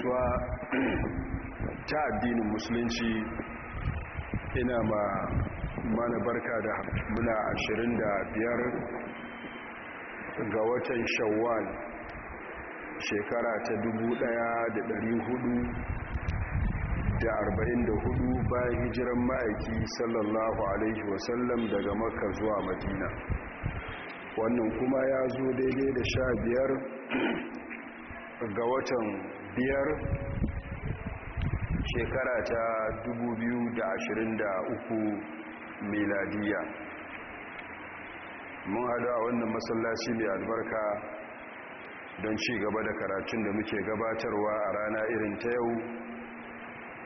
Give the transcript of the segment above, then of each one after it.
gaisuwa ta addinin musulunci ina ma mana barka da muna biyar ga watan shawwal shekara ta dubu da da da dari hudu arba'in hudu, bayan hijiran ma'aiki sallallahu alaihi wasallam daga makka zuwa madina wannan kuma ya zo daidai da sha biyar ga watan biyar shekara ta 2023 miladiya mun hadu a wannan masallaci mai albarka don ci gaba da karatun da muke gabatarwa a rana irin ta yau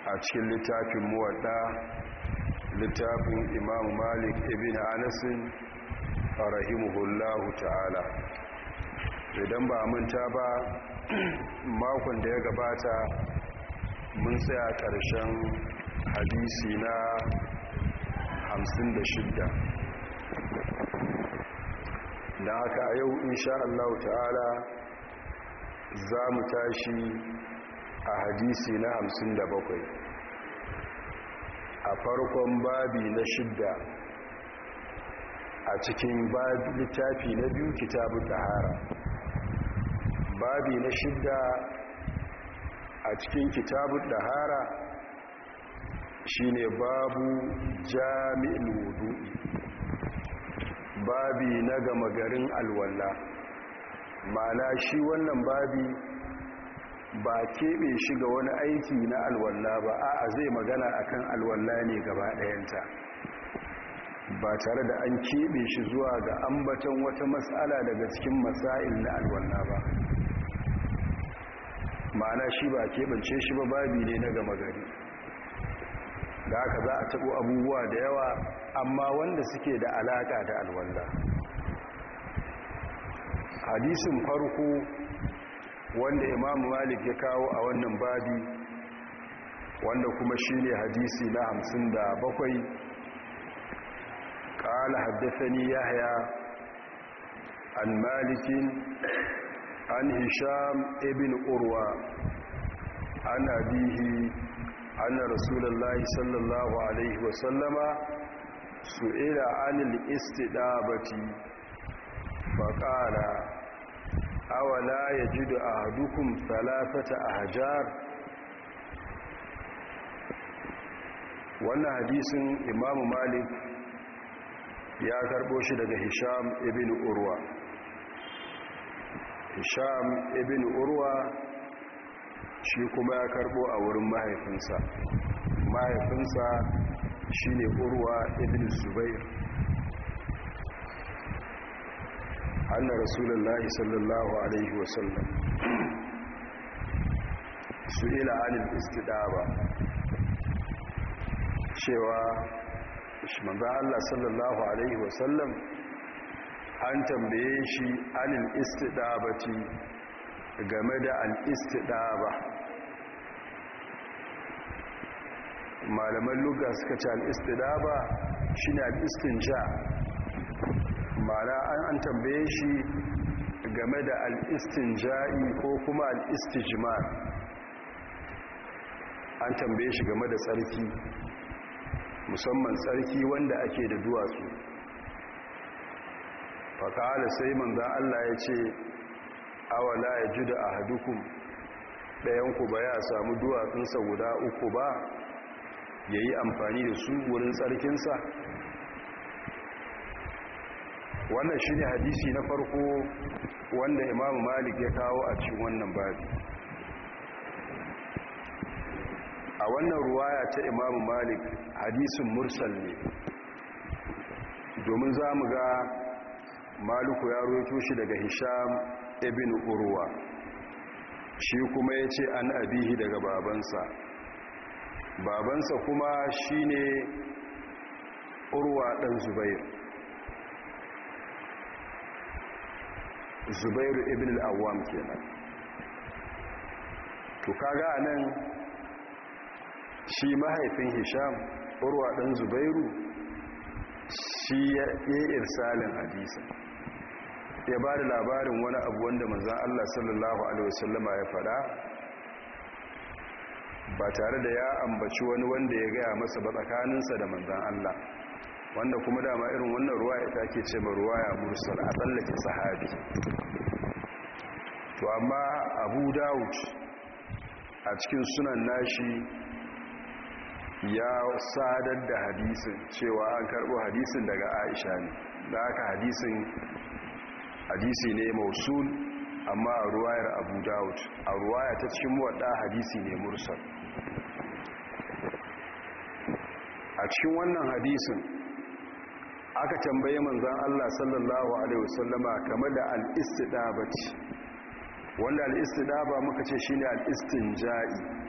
a cikin littafin muwadda littafin imam malik ibn anasin a rahimuhullahu ta'ala idan ba a manta ba makon da ya gabata mun tsaya ƙarshen hadisi na 56 da haka a yau insha Allah ta'ala za mu tashi a hadisi na 57 a farkon babi na shidda a cikin littafi na biyu kitabu tahara babi na shidda a cikin kitabun shi shine babu jami'in wudu babi na gama garin alwalla ma'ana shi wannan babi ba keɓe shi ga wani aiki na alwalla ba a'a zai magana a kan alwalla ne gaba ɗayanta ba tare da an keɓe shi zuwa ga ambatan wata matsala daga cikin masail na alwalla ba ma'ana shi ba keɓance shi ba babi ne na gama gari da aka za a taɓo abubuwa da yawa amma wanda suke da alaƙa da alwalla hadisin farko wanda imam malik ya kawo a wannan babi wanda kuma shi ne hadisi na hamsin da bakwai ƙala haddasa ni yahya an malikin an hisham ibn urwa an abihi anna rasulullahi sallallahu alaihi wasallama su'ila anil istidabati faqala awala yajidu ahadukum thalathata ahjar wannan hadisin imamu malik ya karbo shi daga hisham ibn urwa hisham ibn urwa shi kuma ya karbo a wurin mahaifinsa mahaifinsa shi ne urwa ibn zubair Allah rasulullahi sallallahu alaihi wa sallam. su ila anil istidaba cewa shi manzo allah sallallahu alaihi wa sallam. an tambaye shi anil istidabati game da al istidaba malaman lugha suka ce al istidaba shine al istinja mara an tambaye shi game da al istinja'i ko kuma al istijmar an tambaye shi game da tsarki musamman tsarki wanda ake da duwatsu faƙala sai manzan Allah ya ce awala ya ji da ahadukun ɗayanku ba ya samu duwatsunsa guda uku ba ya yi amfani da su wurin tsarkinsa wannan shi ne hadisi na farko wanda imamu malik ya kawo a cikin wannan babi a wannan ruwaya ta imamu malik hadisin mursal ne domin za mu ga maluku ya roto shi daga hisham ibn urwa shi kuma ya ce an abihi daga babansa babansa kuma shi ne urwa ɗan zubair zubairu ibn al'awam kenan to kaga a nan shi mahaifin hisham urwa ɗan zubairu shi ya irsalin hadisa ya ba da labarin wani abu wanda manzan Allah sallallahu Alaihi wasallama ya fada ba tare da ya ambaci wani wanda ya gaya masa ba tsakaninsa da manzan Allah wanda kuma dama irin wannan ruwa ya take ce ma ruwa ya mursal a tsallake sahabi to amma abu dawud a cikin sunan nashi ya sadar da hadisin cewa an karbo hadisin daga aisha ne da aka hadisin hadisi ne mausul amma a ruwayar abu dawud a ruwaya ta cikin muwadda hadisi ne mursal a cikin wannan hadisin aka tambaye manzan Allah sallallahu alaihi wasallama kamar da al wanda al muka ce shine al'istin ja'i.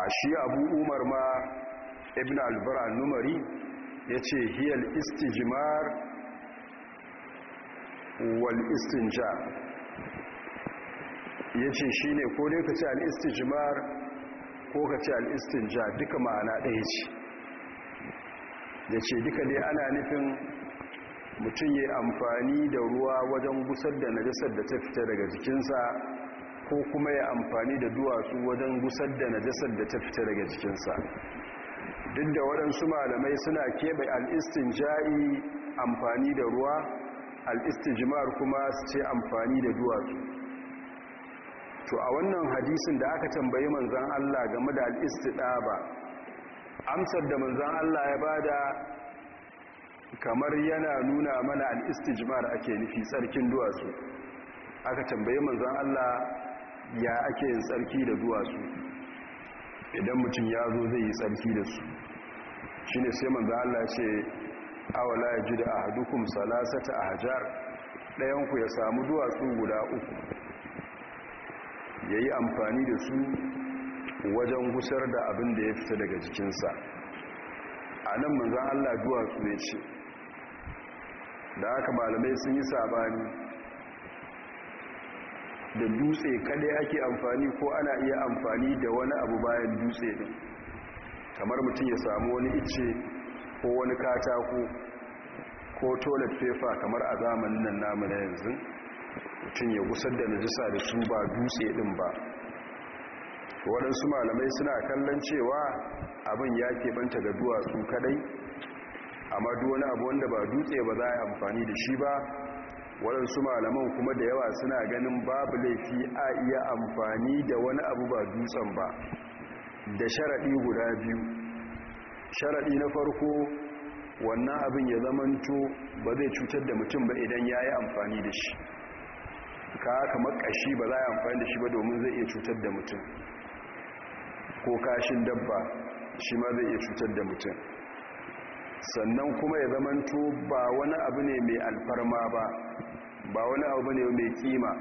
a shi Abu Umar ma Ibn al-Bara numari yace hiyal istijmar wal istinja ya ce shi ne ko dai ka ce al'istijimar ko ka ce al'istinja duka ma'ana ɗaya ce ya ce duka ne ana nufin mutum ya amfani da ruwa wajen gusar da najasar da ta fita daga jikinsa ko kuma ya amfani da duwatsu wajen gusar da najasar da ta fita daga jikinsa duk da waɗansu malamai suna keɓe al'istin ja'i amfani da ruwa al'istijimar kuma su ce amfani da duwatsu to a wannan hadisin da aka tambayi manzan Allah game da al'istidaba amsar da manzan Allah ya bada kamar yana nuna mana al'istijimar ake nufi tsarkin duwatsu aka tambayi manzan Allah ya ake yin tsarki da duwatsu idan mutum ya zo zai yi tsarki da su shi ne sai manzan Allah ce awala ya ji da ahadukum salasata a hajar ɗayanku ya samu duwatsu guda uku ya yi amfani da su wajen gusar da abin da ya fita daga jikinsa a nan manzan allah duwatsu ne ce da haka malamai sun yi sabani da dutse kadai ake amfani ko ana iya amfani da wani abu bayan dutse ne kamar mutum ya samu wani ice ko wani katako ko toilet paper kamar a zamanin nan namu na yanzu mutum ya gusar da najisa da su ba dutse din ba waɗansu malamai suna kallon cewa abin ya keɓanta ga duwatsu kadai amma duk wani abu wanda ba dutse ba za a yi amfani da shi ba waɗansu malaman kuma da yawa suna ganin babu laifi a iya amfani da wani abu ba dutsen ba da sharaɗi guda biyu sharaɗi na farko wannan abin ya zamanto ba zai cutar da mutum ba idan ya yi amfani da shi ka haka makashi ba za a yi amfani da shi ba domin zai iya cutar da mutum ko kashin dabba shi ma zai iya cutar da mutum sannan kuma ya zamanto ba wani abu ne mai alfarma ba ba wani abu ne mai kima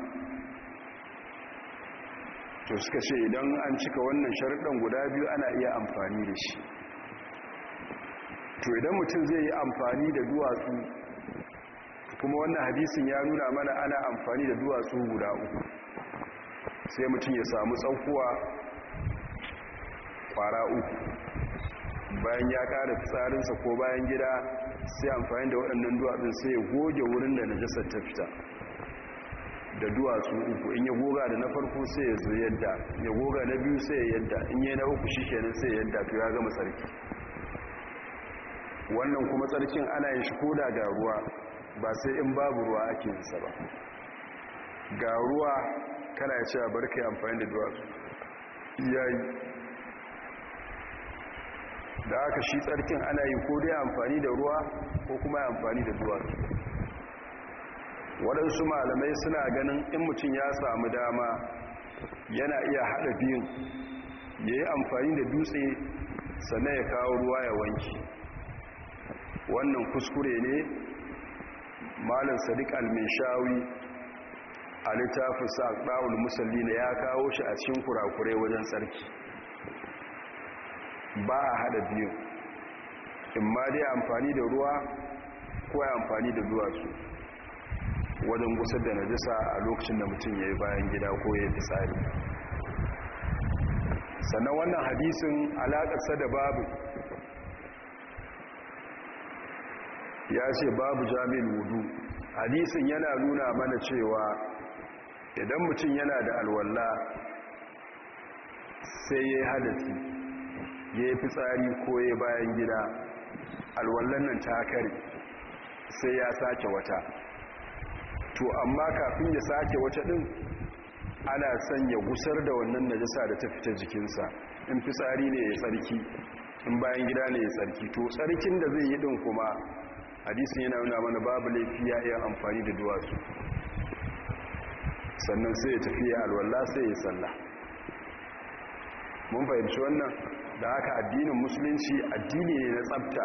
to suka ce idan an cika wannan sharaɗin guda biyu ana iya amfani da shi to idan mutum zai yi amfani da duwatsu kuma wannan hadisin ya nuna mana ana amfani da duwatsu guda uku sai mutum ya samu tsaukuwa kwara uku bayan ya kada fitsarinsa ko bayan gida sai amfani da waɗannan duwatsun sai ya goge wurin da najasar ta fita da duwatsu uku in ya goga da na farko sai ya zo yadda ya goga na biyu sai ya yadda in yi na uku shi kenan sai ya yadda to ya gama sarki wannan kuma tsarkin ana yin shi koda ga ruwa ba sai in babu ruwa ake yin sa ba ga ruwa kana ya cewa bar yi amfani da duwatsu iyayi da aka shi tsarkin ana yi ko dai amfani da ruwa ko kuma amfani da duwatsu waɗansu malamai suna ganin in mutum ya samu dama yana iya haɗa biyun ya yi amfani da dutse sannan ya kawo ruwa ya wanki wannan kuskure ne malam sadiq al-minshawi a littafin sa ɗawul musalli na ya kawo shi a cikin kurakure wajen tsarki ba a hada biyu in ma dai amfani da ruwa ko amfani da duwatsu wajen gusar da najisa a lokacin da mutum ya yi bayan gida ko ya fi tsari sannan wannan hadisin alaƙasa da babu ya ce babu jami'in wudu hadisin yana nuna mana cewa idan mutum yana da alwalla sai ya yi hadasi ya yi fitsari ko ya bayan gida alwallan nan ta kare sai ya sake wata to amma kafin ya sake wata din ana son ya gusar da wannan najasa da ta fita jikinsa in fitsari ne ya tsarki in bayan gida ne ya tsarki to tsarkin da zai yi din kuma hadisin yana nuna mana babu laifi ya iya amfani da duwatsu sannan sai ya tafi ya alwallah sai ya sallah mun fahimci wannan da haka addinin musulunci addini ne na tsabta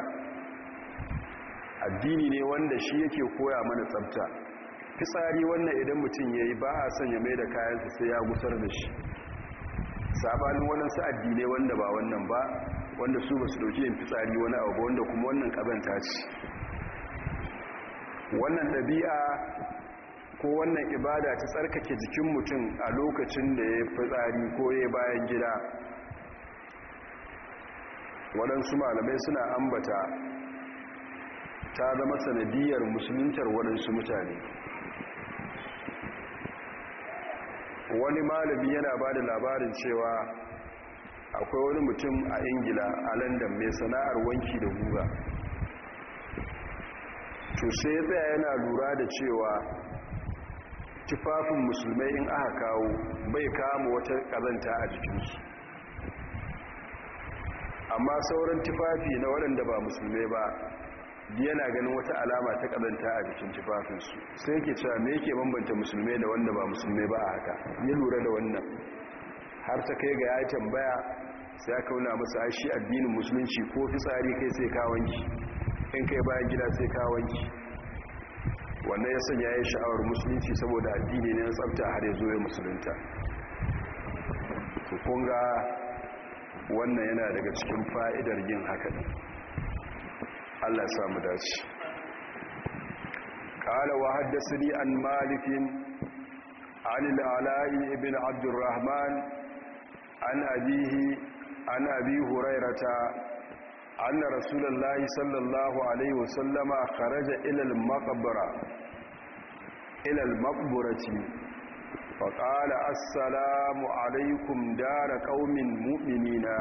addini ne wanda shi yake koya mana tsabta fitsari wannan idan mutum ya yi ba a sanya mai da kayansa sai ya gusar da shi sabanin su addinai wanda ba wannan ba wanda su ba su ɗauki yin fitsari wani abu wanda kuma wannan kabanta ce wannan ɗabi'a ko wannan ibada ta tsarkake jikin mutum a lokacin da ya tsari ko ya bayan gida waɗansu malamai suna ambata ta zama sanadiyar musuluntar waɗansu mutane wani malami yana ba da labarin cewa akwai wani mutum a ingila a london mai sana'ar wanki da guga to sai ya tsaya yana lura da cewa tufafin musulmai in aka kawo bai kama wata kazanta a jikinsu amma sauran tufafi na waɗanda ba musulmai ba yana ganin wata alama ta kazanta a jikin tufafinsu sai ke cewa me yake bambanta musulmai da wanda ba musulmai ba a haka ya lura da wannan har ta kai ga ya tambaya sai ya kauna masa ashi addinin musulunci ko fitsari kai sai kawanki in kai bayan gida sai ka wanda ya sanya ya sha'awar musulunci saboda addini ne na tsabta har ya zo ya musulunta kunga wannan yana daga cikin fa'idar yin haka Allah samu dace wa haddasa ni an عن an بن Ibn abdurrahman an abihi an abihu rairata anna rasulullahi sallallahu alaihi wasallama kharaja ila al-maqbara ila al-maqbarati fa qala assalamu alaikum dara qaumin mu'minina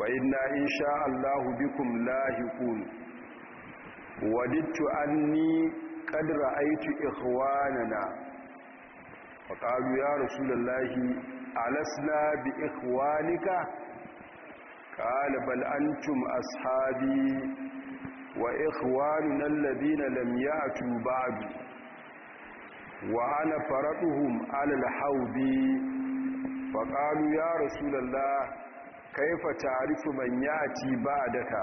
wa inna insha allahu bikum lahiqun wadittu anni qad ra'aytu ikhwanana fa qalu ya rasulullahi alasna bi ikhwanika qala bal'antun antum ashabi wa Ikhwanu alladhina lam ya'tu ba'd wa ana faraduhum ala alhawdi fa qalu ya rasulallah kayfa ta'rifu man ya'ti ba'daka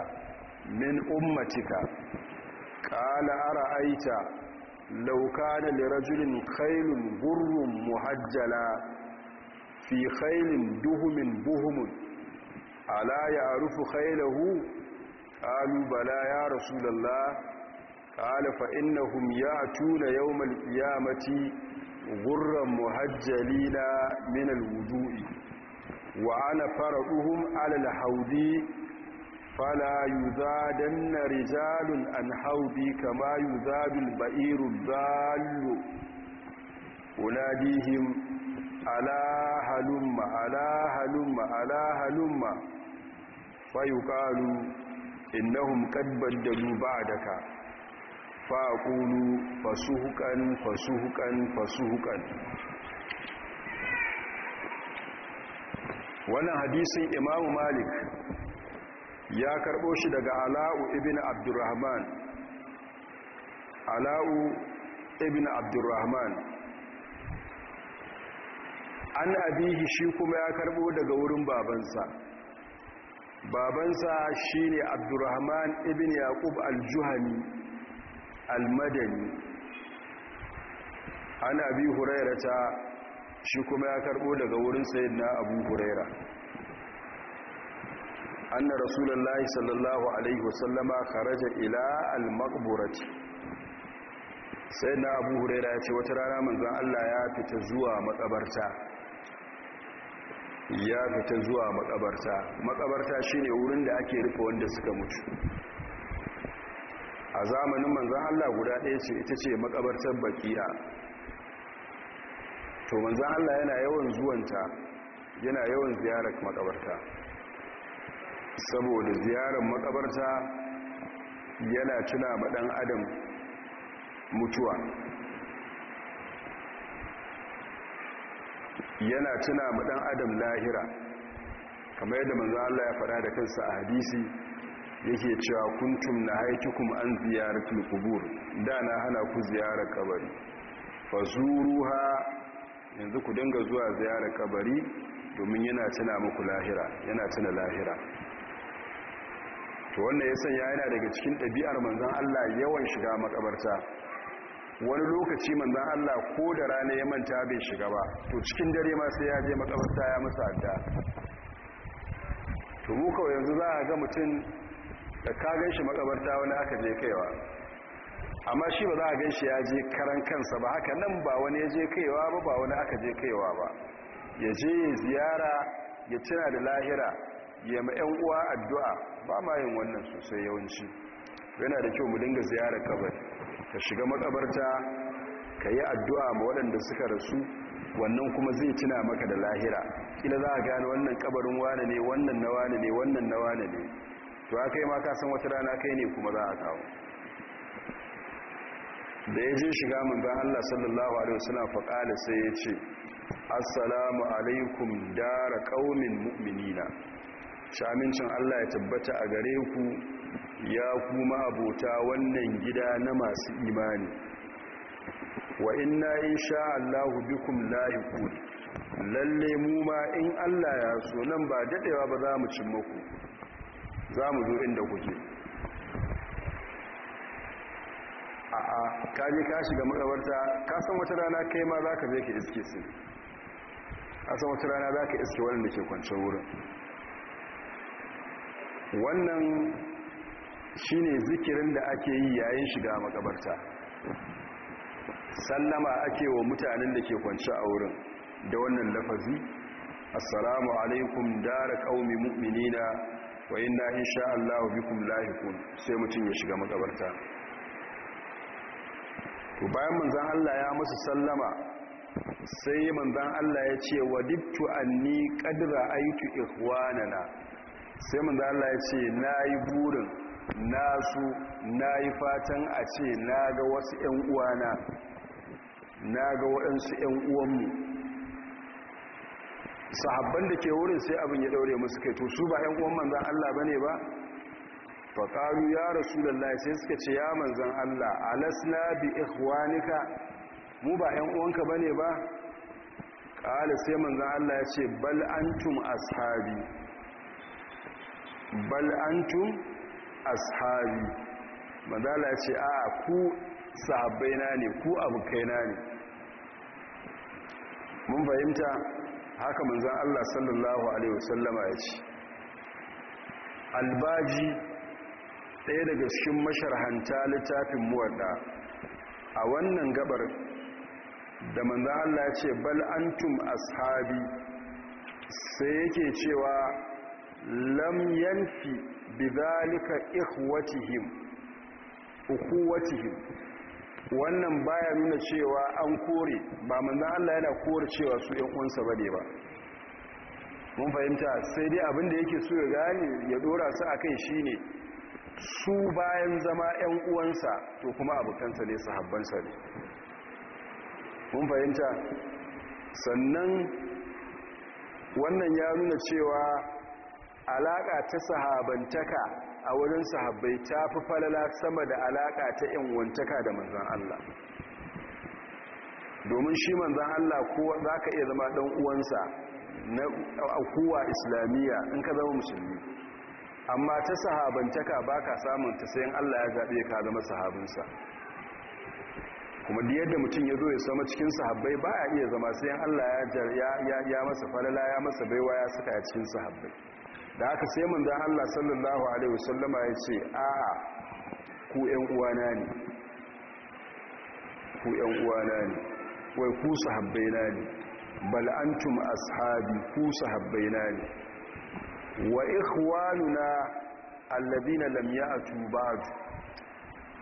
min ummatika qala ara'aita law kana li rajulin kailun burrun muhajjala fi khaylin duhumin buhumun ala ya rufu khailahu qalu bala ya rasulullah qala fa innahum ya'tuna yawmal qiyamati ghurran muhajjalina min alwudu'i wa ana faraduhum ala alhawdi fala yuzadanna rijalun an hawdi kama yuzadul ba'iru dallu unadihim ala halumma ala halumma ala halumma fa yuqalu innahum qad baddalu ba'daka fa aqulu fasuhukan fasuhukan fasuhukan wannan hadisin imamu malik ya karbo shi daga ala'u ibn abdurrahman ala'u ibn abdurrahman an abihi shi kuma ya karbo daga wurin babansa babansa shi ne abdurrahman ibn yaqub al-juhani al-madani an abi huraira ta shi kuma ya karbo daga wurin sayyidina abu huraira anna rasulullahi sallallahu alaihi wasallama kharaja ila al-maqburati sayyidina na abu huraira ya ce wata rana manzan allah ya fita zuwa makabarta ya fita zuwa makabarta makabarta shine wurin da ake rufe wanda suka mutu a zamanin manzan Allah guda ɗaya ce ita ce makabartar bakiya to manzan Allah yana yawan zuwanta yana yawan ziyarar makabarta saboda ziyarar makabarta yana tuna ma ɗan adam mutuwa yana tuna mu adam lahira kamar yadda manzo Allah ya faɗa da kansa a hadisi yake cewa kuntum nahaitukum an ziyaratul qubur da na hana ku ziyara kabari fazuruha yanzu ku dinga zuwa ziyara kabari domin yana tuna muku lahira yana tuna lahira to wannan ya sanya yana daga cikin ɗabi'ar manzon Allah yawan shiga makabarta wani lokaci manzan Allah ko da rana ya manta bai shiga ba to cikin dare ma sai ya je makabarta ya masa adda to mu kawai yanzu za a ga mutum da ka gan shi makabarta wani aka je kaiwa amma shi ba za a gan shi ya je karan kansa ba haka nan ba wani ya je kaiwa ba ba wani aka je kaiwa ba ya je ya ziyara ya tuna da lahira ya ma 'yan uwa addu'a ba ma yin wannan sosai yawanci yana da kyau mu dinga ziyarar kabari ka shiga makabarta ka yi addu'a ma waɗanda suka rasu wannan kuma zai tuna maka da lahira Ila za a gane wannan kabarin wane ne wannan na wane ne wannan na wane ne to aka yi maka san wata rana kai ne kuma za a kawo da ya je shiga manzan Allah sallallahu Alaihi na faƙali sai ya ce assalamu alaikum dara ƙaumin mu'minina shamincin Allah ya tabbata a gare ku ya kuma abota wannan gida na masu imani wa inna sha Allahu bikum la'iku lalle mu ma in Allah ya so nan ba dadewa ba za mu cin muku za mu zo inda kuke a'a ka je ka shiga makabarta ka san wata rana kai ma za ka je ka iske su a san wata rana za ka iske wanda ke kwance wurin wannan Shi ne zikirin da ake yi yayin shiga makabarta sallama ake wa mutanen da ke kwanci a wurin da wannan lafazi assalamu alaikum dara kaumi mu'minina wa inna insha Allah bikum lahiqun sai mutum ya shiga makabarta to bayan manzon Allah ya musu sallama sai manzon Allah ya ce wa wadibtu anni qad aitu ikwanana sai manzon Allah ya ce nayi burin na su na yi fatan a ce na ga wasu 'yan uwana na ga waɗansu 'yan uwanmu sahabban da ke wurin sai abin ya daure musu kai to su ba 'yan uwan manzan Allah ba ne ba faƙaru ya rasu lallai sai suka ce ya manzan Allah alasna bi ikhwanika mu ba 'yan uwanka ba ne ba ƙala sai manzan Allah ya ce bal ashabi bal antum ashabi manzala ce a ku sahabbai na ne ku abokai na ne mun fahimta haka manzan Allah sallallahu alaihi wasallama ya ce albaji ɗaya daga cikin masharhanta littafin muwadda a wannan gabar da manzan Allah ce bal ashabi sai yake cewa lam yanfi zalika ikhwatihim ukhuwatihim wannan baya nuna cewa an kore ba manzon Allah yana kore cewa su ƴan uwansa bane ba mun fahimta sai dai abin da yake so ya gane ya dora su akai shine su bayan zama ƴan uwansa to kuma abokansa ne sahabbansa ne mun fahimta sannan wannan ya nuna cewa Alaƙa ta sahabantaka a wurin sahabbai ta fi falala sama da alaƙa ta yanwantaka da manzan Allah domin shi manzan Allah kowa za ka iya zama ɗan uwansa na kowa islamiyya in ka zama musulmi amma ta sahabantaka ba ka samun ta sayan Allah ya zaɓe ka zama sahabinsa kuma da yadda mutum ya zo ya sama cikin sahabbai ba a iya zama sayan Allah ya masa falala ya masa baiwa ya saka ya cikin sahabbai da aka sai da Allah sallallahu alaihi wasallama ya ce a'a ku ƴan uwana ne ku ƴan uwana ne wai ku sahabbaina ne bal antum ashabi ku sahabbaina ne wa ikhwanuna alladhina lam ya'tu ba'd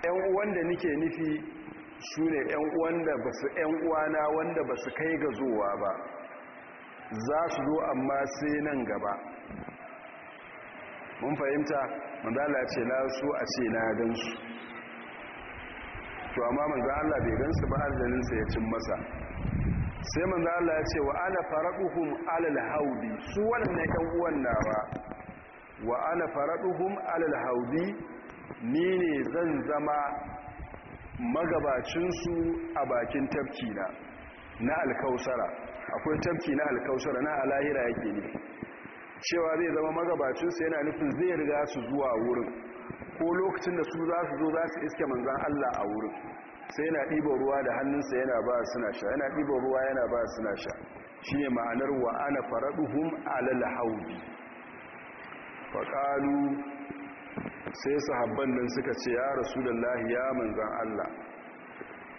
ɗan uwan da nake nufi shine ɗan uwan da basu ƴan uwana wanda basu kai ga zuwa ba za su zo amma sai nan gaba mun fahimta manzala ce na su a ce na gan su. to amma manzala bai gansu ba sa ya cin masa sai manzala ya ce wa ana alal haudi su waɗannan yan uwan nawa wa ana faraɗuhun alal haudi ni ne zan zama magabacinsu a bakin tafki na na alkausara akwai tafki na alkausara na alahira yake ne cewa zai zama magabacinsa yana nufin zai riga su zuwa wurin ko lokacin da su za su zo za su iske manzan Allah a wurin sai yana ɗiba ruwa da hannunsa yana ba suna sha yana ɗiba ruwa yana ba suna sha shi ne ma'anar wa ana faraɗuhun alal haudi faƙalu sai sahabban nan suka ce ya rasu da lahiya manzan Allah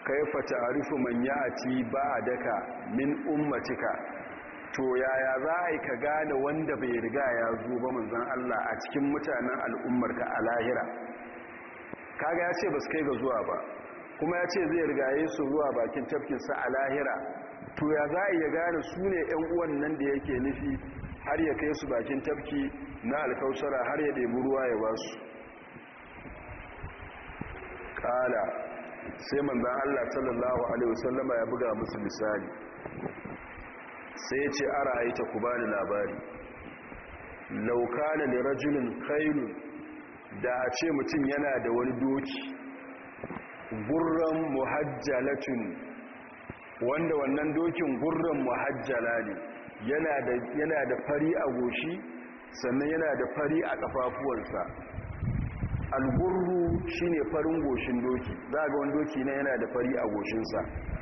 kai fata harifu man ya ci ba a daka min ummatika to yaya za a yi ka gane wanda bai riga ya zo ba manzan Allah a cikin mutanen al'ummarka a lahira kaga ya ce ba su kai ga zuwa ba kuma ya ce zai ya su zuwa bakin tafkinsa a lahira to ya za a iya gane su ne 'yan uwan nan da yake nufi har ya kai su bakin tafki na alkausara har ya ɗebi ruwa ya basu? su ƙala sai manzan Allah sallallahu Alaihi wasallama ya buga musu misali sai ce a aita ku bani labari laukana ne rajulun kainu da a ce mutum yana da wani doki gurran muhajjalatun wanda wannan dokin gurran muhajjala ne yana da fari a goshi sannan yana da fari a ƙafafuwansa algurru shine farin goshin doki za ga wani doki na yana da fari a goshinsa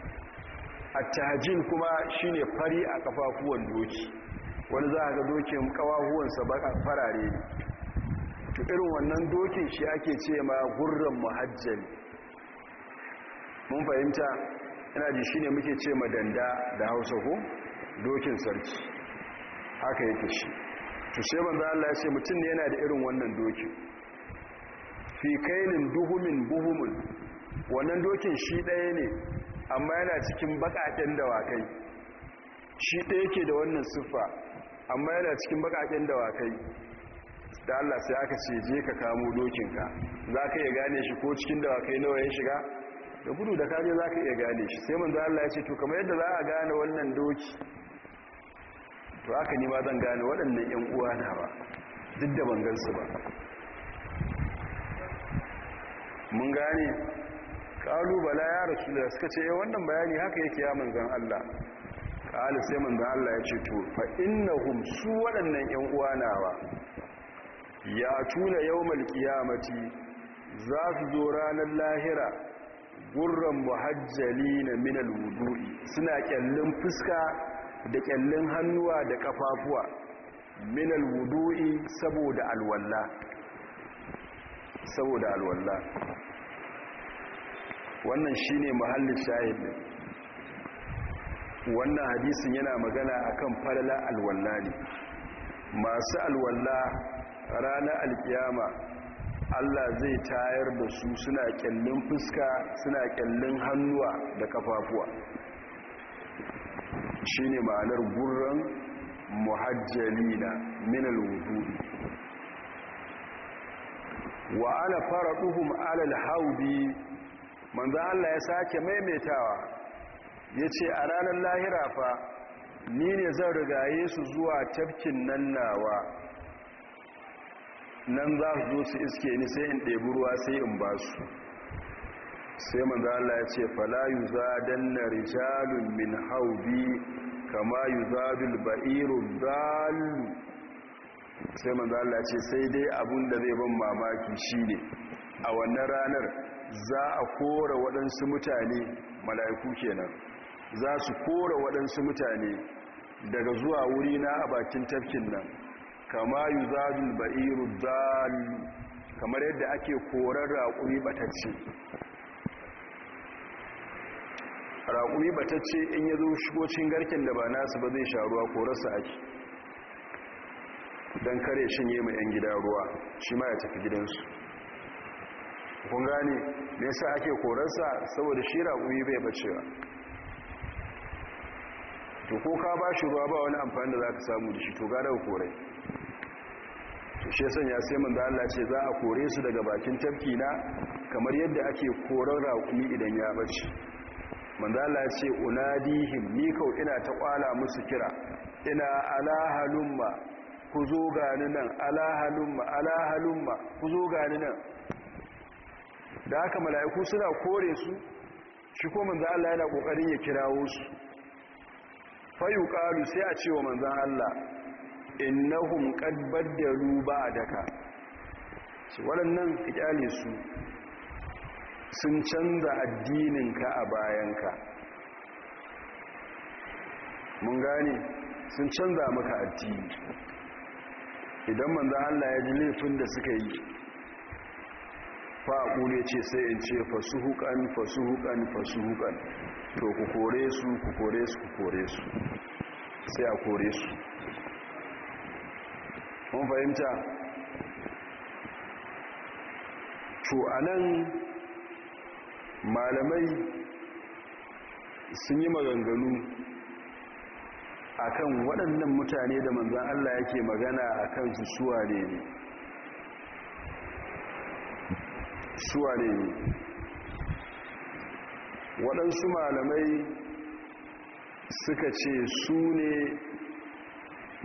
tajin kuma shi ne fari a kafafuwan doki wani za a ga dokin kawahuwansa farare ne to irin wannan dokin shi ake ce ma gurran muhajjali mun fahimta yana ji ne muke ce ma danda da hausa ko dokin sarki haka yake shi to sai manzo Allah ya ce mutum ne yana da irin wannan dokin fi kailin duhumin buhumin wannan dokin shi ɗaya ne amma yana cikin bakaken dawakai shi ta yake da wannan siffa amma yana cikin bakaken dawakai da Allah sai aka ce je ka kamo dokinka za ka iya gane shi ko cikin dawakai nawa ya shiga da gudu da kaji za ka iya gane shi sai manzo Allah ya ce to kamar yadda za a gane wannan doki to ni nima zan gane waɗannan 'yan na ba duk da bangansu ba mun gane Kalubala bala ya da suka ce eh, wannan bayani haka yake ya manzan Allah qala sai manzan Allah ya ce to fa innahum su waɗannan ƴan uwanawa ya tuna yawmal mati, za su zo ranar lahira gurran na min alwudu'i suna ƙyallin fuska da ƙyallin hannuwa da ƙafafuwa, min alwudu'i saboda alwalla saboda alwalla wannan shi ne muhallin shahid wannan hadisin yana magana akan falala alwalla ne masu alwalla ranar alkiyama Allah zai tayar da su suna kyallin fuska suna kyallin hannuwa da kafafuwa ne ma'anar gurran muhajjalina minal wuduri wa ala faraduhum ala alhawdi manzan Allah ya sake maimaitawa ya ce a ranar lahira fa ni ne zan rigaye su zuwa tafkin nan nawa nan za su zo su iske ni sai in ɗebi ruwa sai in ba su sai manzan Allah ya ce falayu a na rijalun min haubi kama yi zadul ba'irun dalu sai manzan Allah ya ce sai dai abun da zai ban mamaki shi ne a wannan ranar za a kora waɗansu mutane mala'iku kenan za su kora waɗansu mutane daga zuwa wuri na a bakin tafkin nan kama yi zadun ba'iru zalu kamar yadda ake korar raƙuri batacce raƙuri batacce in ya zo shigocin garken da ba nasu ba zai sha ruwa korarsa ake don kare ne mai 'yan gida ruwa shi ma ya tafi gidansu kun gane me yasa ake korarsa saboda shi raƙumi bai bacewa to ko ka ba shi ruwa ba wani amfani da za ka samu da shi to gara korai to shi ya sai mun da Allah ce za a kore su daga bakin tafki na kamar yadda ake koran raƙumi idan ya bace man Allah ce unadihim ni kau ina ta kwala musu kira ina alahalumma ku zo gani nan alahalumma alahalumma ku zo gani nan da haka mala'iku suna kore su shi ko manzan Allah yana kokarin ya kirawo su fayu ƙalu sai a cewa manzan Allah innahum qad baddalu ba'daka su waɗannan kyale su sun canza addininka a bayanka mun gane sun canza maka addini idan manzan Allah ya ji laifin da suka yi fa'akul ya ce sai in ce fasuhukan fasuhukan fasuhukan to ku kore su ku kore su ku kore su sai a kore su mun fahimta to anan malamai sun yi maganganu akan waɗannan mutane da manzan Allah yake magana akan su suwa ne suwa ne waɗansu malamai suka ce su ne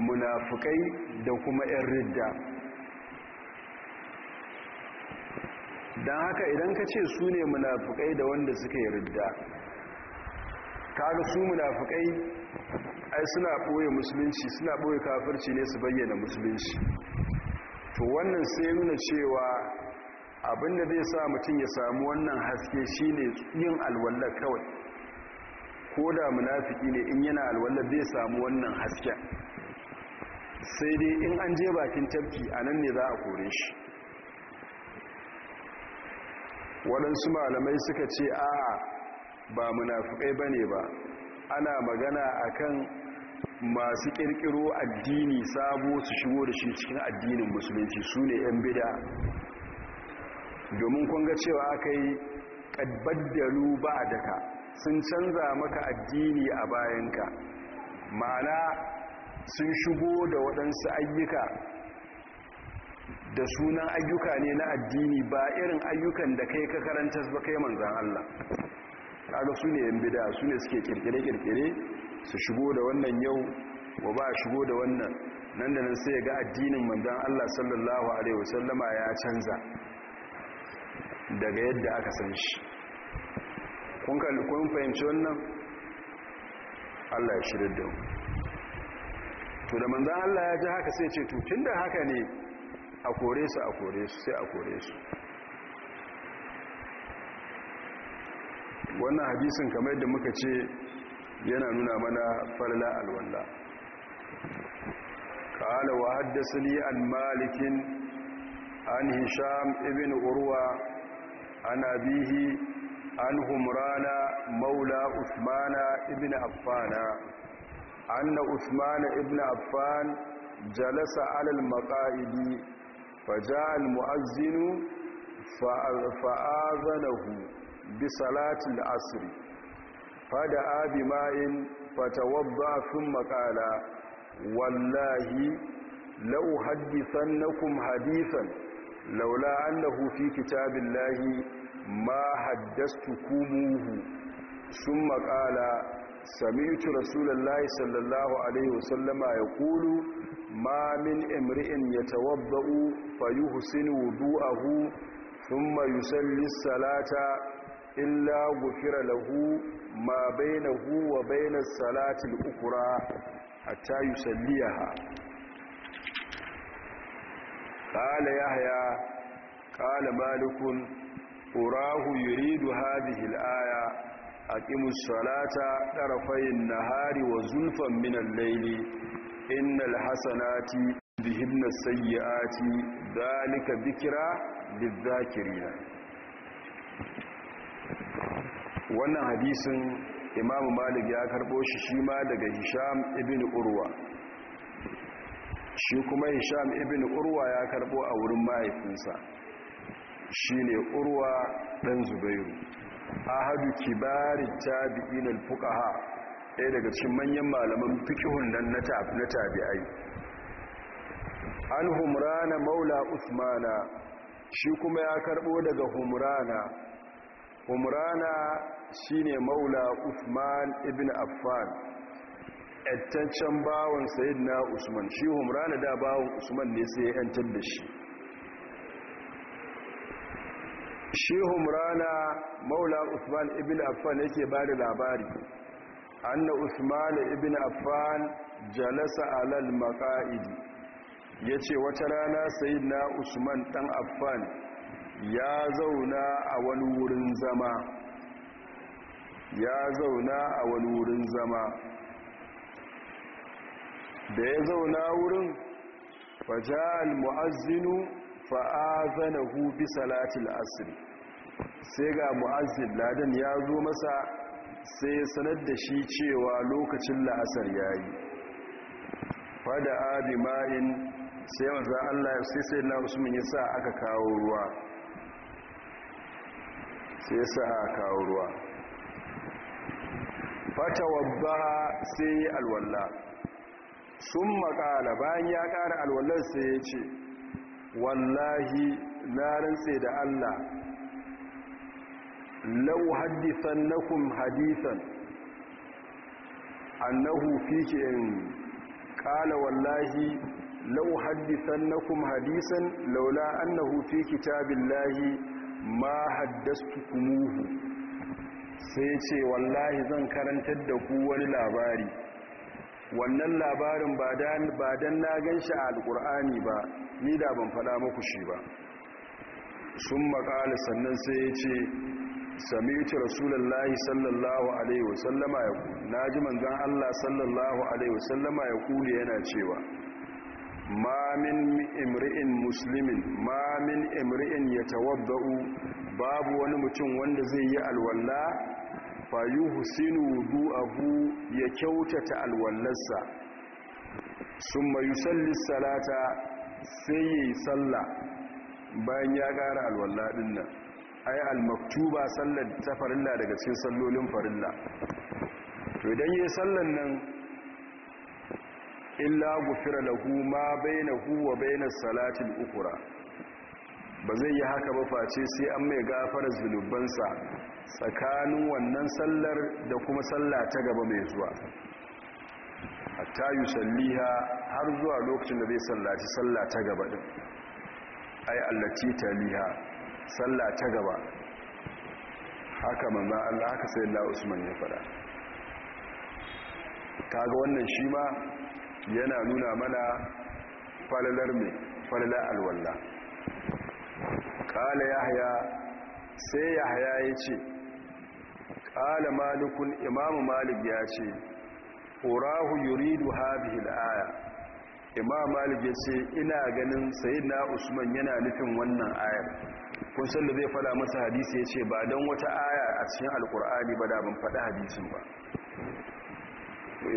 munafukai da kuma 'yan ridda don haka idan ka ce su ne munafukai da wanda suka yi ridda kaga su munafukai ai suna ɓoye musulunci suna ɓoye kafirci ne su bayyana musulunci to wannan sai nuna cewa abinda zai sa mutum ya samu wannan haske shi ne yin alwallar kawai ko da munafiki ne in yana alwallar zai samu wannan hasken sai dai in an je bakin tafki a nan ne za a kore shi waɗansu malamai suka ce a ba munafukai ba ne ba ana magana a kan masu ƙirƙiro addini sabo su shigo da shi cikin addinin musulunci su ne 'yan bida domin kun cewa aka yi ƙadbaddalu ba daka sun canza maka addini a bayanka ma'ana sun shigo da waɗansu ayyuka da sunan ayyuka ne na addini ba irin ayyukan da kai ka karanta ba kai manzan Allah kaga su ne yan bida su ne suke kirkire-kirkire su shigo da wannan yau wa ba shigo da wannan nan da nan sai ga addinin manzan Allah sallallahu alaihi wasallama ya canza daga yadda aka san shi kun fahimci wannan allah ya shirin da to da manzan allah ya ji haka sai ce tutun da haka ne a kore su a kore su sai a kore su wannan hadisin kamar yadda muka ce yana nuna mana farla alwallah haddasa ni an malikin an Hisham ibn Urwa. an abihi an humrana maula usmana ibn affana anna usmana ibn affan jalasa alal maqaidi faja'a al muazzinu fa'azanahu bi salati al asr fada'a bima'in fatawadda thumma qala wallahi لو حدثنكم hadisan. laula annahu fi kitabillahi ma kumuhu sun maƙala. sami'tu rasulullahi sallallahu alaihi wasallama yaqulu ma min imri'in yatawaddau fayuhsinu wudu'ahu sun mayu as-salata illa gufira lahu ma bainahu wa bainas salatil ukra hatta ha. قال يحيى قال مالك أراه يريد هذه الآية أقم الصلاة طرفي النهار وزلفا من الليل إن الحسنات بهن السيئات ذلك ذكرى للذاكرين wannan hadisin imamu malik ya karbo shi shi ma daga hisham ibn urwa shi kuma hisham ibn urwa ya karbo a wurin mahaifinsa shi ne urwa ɗan zubairu ahadu kibari tabi'in al-fuqaha ɗaya daga cikin manyan malaman fiqhun nan na tabi'ai an humrana maula usmana shi kuma ya karbo daga humrana humrana shine maula usman ibn affan ƴantaccen bawan sayid na usman shi humrana da bawan usman ne sai ya ƴantar da shi shi humrana maula usman ibn affan yake ba da labari anna usman ibn affan jalasa alal maka'idi ya ce wata rana sayid na usman ɗan affan ya zauna a wani wurin zama ya zauna a wani wurin zama da ya zauna wurin faja'al mu'azzinu fa'azanahu bi salatil asr sai ga mu'azzin ladan ya zo masa sai sanar da shi cewa lokacin la'asar yayi fada abi ma'in sai manzo Allah sai sai na Usman yasa aka kawo ruwa sai aka kawo ruwa fata wabba sai alwallah sun makala bayan ya ƙara sai ya ce wallahi na rantse da allah lau haddisan nakum hadisan annahu fiki in ƙala wallahi lau haddisan kun hadisan laula annahu fi kitabillahi ma haddastukumuhu sai ce wallahi zan karantar da ku wani labari wannan labarin ba dan na gan shi a alkur'ani ba ni da ban faɗa muku shi ba sun makala sannan sai ya ce sami'ci rasulallahi sallallahu alaihi wasallama ya ku na ji allah sallallahu alaihi wasallama ya kuli yana cewa ma min imri'in muslimin ma min imri'in ya babu wani mutum wanda zai yi alwala husinu wudu abu ya kyautata alwallarsa sun mayu sallis salata sai ya yi salla bayan ya gara alwalladin nan ai almaktuba sallar ta farilla daga cikin sallolin farilla to idan yi sallar nan illa gufira lahu ma bai na bainahu wa na salatin ukura ba zai yi haka ba face sai an mai gafara zunubansa tsakanin wannan sallar da kuma sallah ta gaba mai zuwa hatta yi salliha har zuwa lokacin da zai sallaci sallah ta gaba din ai allaci taliha sallah ta gaba haka manzan Allah haka sai Allah Usman ya fada kaga wannan shi ma yana nuna mana falalar mai falalar alwallah kala yahya sai yahaya ya ce ƙala malikun imamu malik ya ce ƙorahu yuridu habihil aya. imam malik ya ce ina ganin sai na usman yana nufin wannan ayar kun san da zai fada masa hadisi ya ce ba don wata aya a cikin Alƙur'ani ba da ban faɗi hadisin ba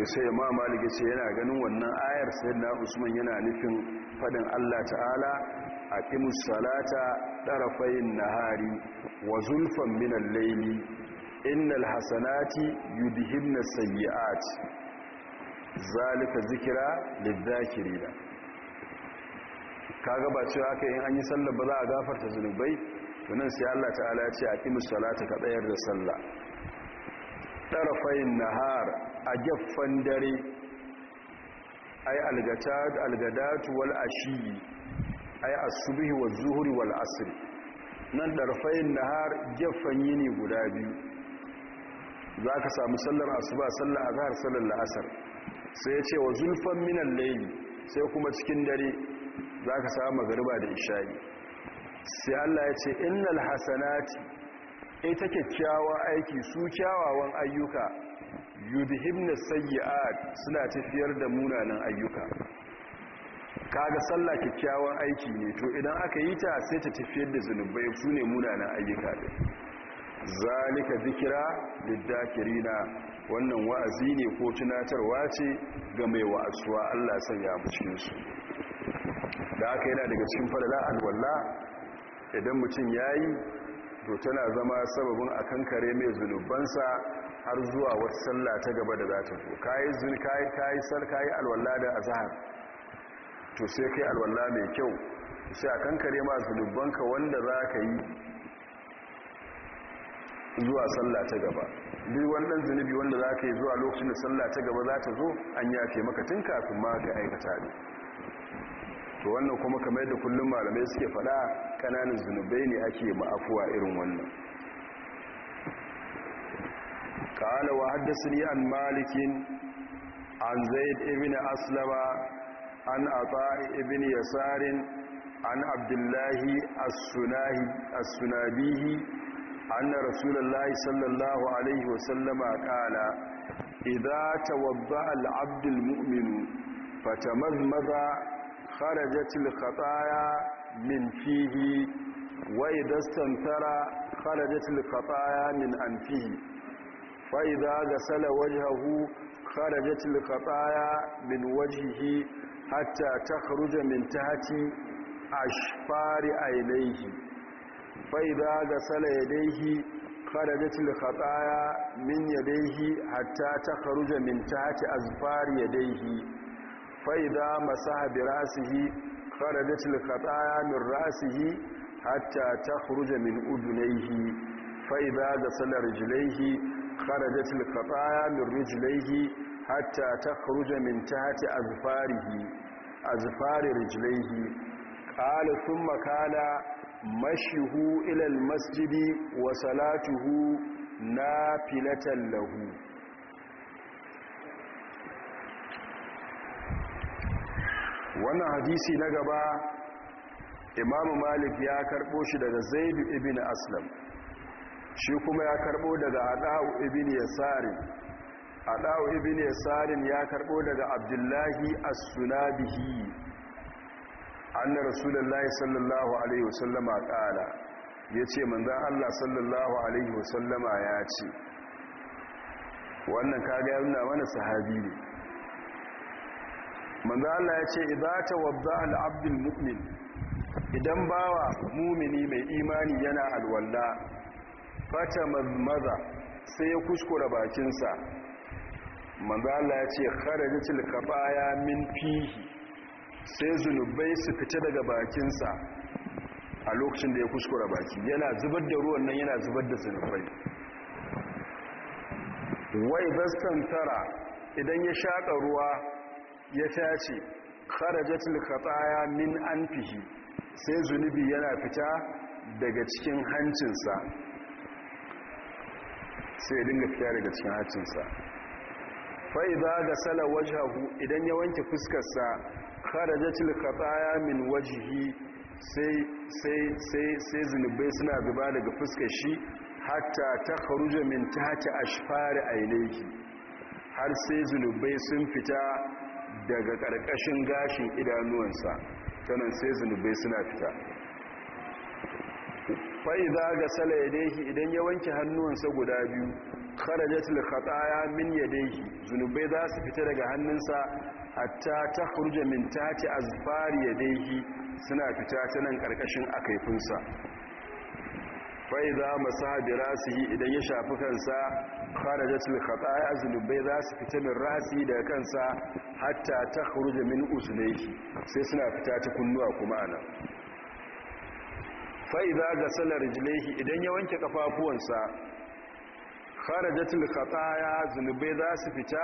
sai imam malik ya ce yana ganin wannan ayar sai na usman yana nufin faɗin allah ta'ala a kimus salata ɗarafayin nahari wa zulfan minan laili innal hasanati yudhibna sayyi'at zalika zikira na. kaga ba cewa aka in an yi sallar ba za a gafarta zunubai nan sai Allah ta'ala ya ce a kimus salata ka tsayar da sallah ɗarafayin nahar a gaffan dare ai algadatu wal ashiyi ay asubuhi wa waz wal-asr nan darfayin nahar gefen yini guda biyu zaka samu sallar asuba sallar azhar sallar la'asar sai ya ce wa zulfan minan laili sai kuma cikin dare zaka samu Garba da isha'i sai Allah ya ce innal hasanati ita kyakkyawa aiki su kyawawan ayyuka yudhibna sayyi'at suna tafiyar da munanan ayyuka kaga sallah kyakkyawan aiki ne to idan aka yi ta sai ta tafiyar da zunubai su ne munanan ayyuka ne zalika zikira liddakirina wannan wa'azi ne ko tunatarwa ce ga mai wa'azuwa Allah sanya mu cikin su da aka yana daga cikin fadala alwala idan mutum yayi to tana zama sababin akan kare mai zunubansa har zuwa wata sallah ta gaba da za ta zo kayi zun kayi kayi sar alwala da azhar to sai kai alwala mai kyau sai a kankare ma zunubanka wanda za ka yi zuwa sallah ta gaba duk wannan zunubi wanda za ka yi zuwa lokacin da sallah ta gaba za ta zo an yafe maka tun kafin ma ka aikata ne to wannan kuma kamar da kullum malamai suke faɗa kananan zunubai ne ake ma'afuwa irin wannan قال وحدثني عن مالك عن زيد ابن أسلم an ata'i ibn yasarin an abdullahi as-sunahi as-sunabihi anna rasulullahi sallallahu alaihi wasallama qala idza tawadda'a al-'abdu al-mu'minu fatamazmaza kharajat al-khataaya min fihi wa idza istantara kharajat al-khataaya min anfihi fa idza ghasala wajhahu kharajat al-khataaya min wajhihi hatta ta kharuja min tahti ashfari ainihi fa idza gasala yadayhi kharajat al khataya min yadayhi hatta ta kharuja min tahti azfari yadayhi fa idza masaha bi ra'sihi kharajat al khataya min ra'sihi hatta ta kharuja min udunaihi fa idza gasala rijlayhi kharajat al khataya min rijlayhi hatta ta kharuja min tahti azfarihi azfari rijlaihi qala thumma kana mashihu ila masjidi wa salatuhu nafilatan lahu wannan hadisi na gaba imamu malik ya karbo shi daga zaidu ibn aslam shi kuma ya karbo daga ada'u ibn yasari adawu ibn yasarin ya karbo daga abdullahi as-sunabihi anna rasulullahi sallallahu alaihi wasallama qala yace manzo Allah sallallahu alaihi wasallama ya ce wannan kaga ya nuna mana sahabi ne manzo Allah ya ce idza tawadda al-abdul mu'min idan bawa mumini mai imani yana alwalla fata maza sai ya kuskura bakinsa manzo Allah ya ce kharajatil kafaya min fihi sai zunubai su fita daga bakinsa a lokacin da ya kuskura baki yana zubar da ruwan nan yana zubar da zunubai wai bastantara idan ya shaka ruwa ya tace kharajatil kafaya min anfihi sai zunubi yana fita daga cikin hancinsa sai dinga fita daga cikin hancinsa fai za ga sala wajahu idan ya wanke fuskarsa kharajatil khataya min wajihi sai sai sai zunubai suna zuba daga fuskar shi hatta ta kharuja min tahti ashfari ainihi har sai zunubai sun fita daga karkashin gashin idanuwansa tanan sai zunubai suna fita fai za ga sala ya idan ya wanke hannuwansa guda biyu kharajatul khataya min yadayhi zunubai za su fita daga hannunsa hatta ta khurja min tati azfari yadayhi suna fita ta nan karkashin akaifinsa fai za masa bi rasihi idan ya shafi kansa kharajatul khataya zunubai za su fita min rasi daga kansa hatta ta khurja min uslayhi sai suna fita ta kunnuwa kuma anan. fa'iza ga salar jilehi idan ya wanke kafafuwansa kharajatul khataya zunubai za su fita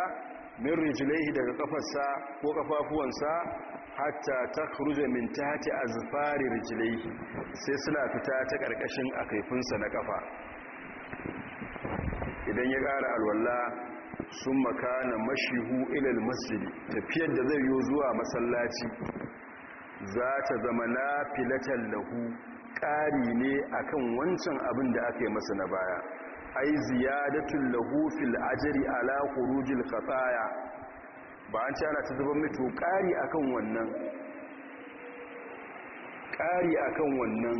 min Rijilehi daga kafarsa ko kafafuwansa hatta ta takhruja min a azfari Rijilehi, sai suna fita ta karkashin kaifinsa na ƙafa. idan ya ƙara alwalla sun makana mashihu ilil masjidi tafiyar da zai yi zuwa masallaci za ta zama na filatan lahu ƙari ne akan wancan abin da aka yi masa na baya ai ziyadatul lahu fil ajri ala khurujil khataya ba an ci ana ta zuban mutu ƙari akan wannan ƙari akan wannan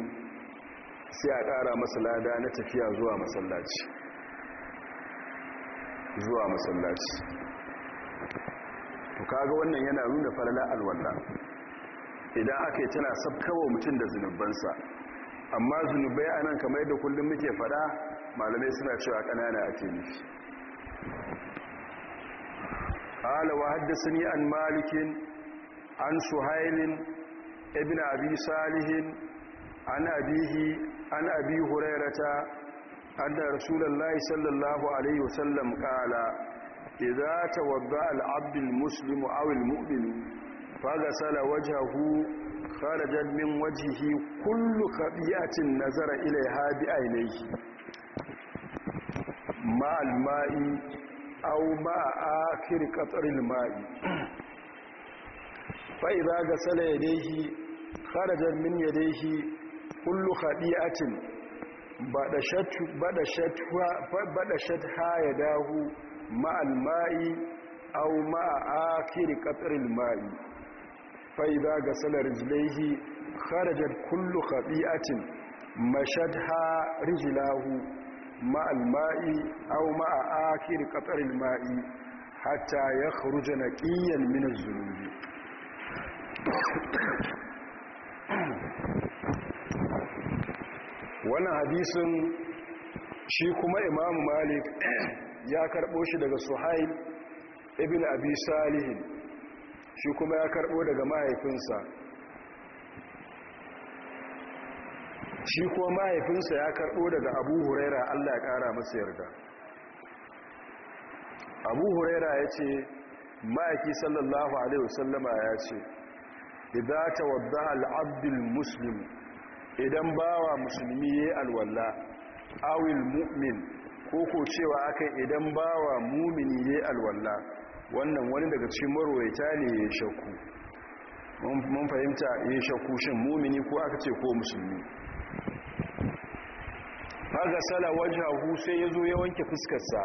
sai a ƙara masa lada na tafiya zuwa masallaci zuwa masallaci to kaga wannan yana nuna falala alwala idan aka yi tana sabkawa mutum da zunubansa amma zunubai a nan kamar yadda kullum muke fada malamai suna cewa ƙanana ake nufi ƙala haddasa ni an malikin an suhailin ibn abi salihin an abihi an abi hurairata anna rasulullahi sallallahu alaihi wasallam ƙala idza tawadda al-abdu al-muslimu aw al-mu'minu faghsala wajhahu kharajan min wajihi kullu khabiyatin nazara ilai bi ainihi ma alma'i aw a akhir qatril ma'i fa idza ghasala yadayhi kharajan min yadayhi kullu khabiyatin bada shatu bada shatwa bada shatha yadahu ma alma'i aw ma akhir qatril ma'i fa'iza ga salar zilaihi kharajar kullu mashad mashadha rijilahu ma'al ma'i a ma'a akhir qataril ma'i hatta kharuja na min minar zunubi wannan hadisin shi kuma imamu malik ya karɓo shi daga suhail ibn abi shi kuma ya karbo daga mahaifinsa shi kuma mahaifinsa ya karbo daga abu huraira allah ya kara masa yarda abu huraira ya ce ma'aiki sallallahu alaihi wasallama ya ce idan ta wadda al'abdul muslim idan bawa musulmi ya yi alwalla awil mu'min ko ko cewa aka idan bawa mumini ya yi alwalla wannan wani daga cikin marwaita ne ya shakku mun fahimta ya shakku shin mumini ko aka ce ko musulmi faga sala hu sai ya zo ya wanke fuskarsa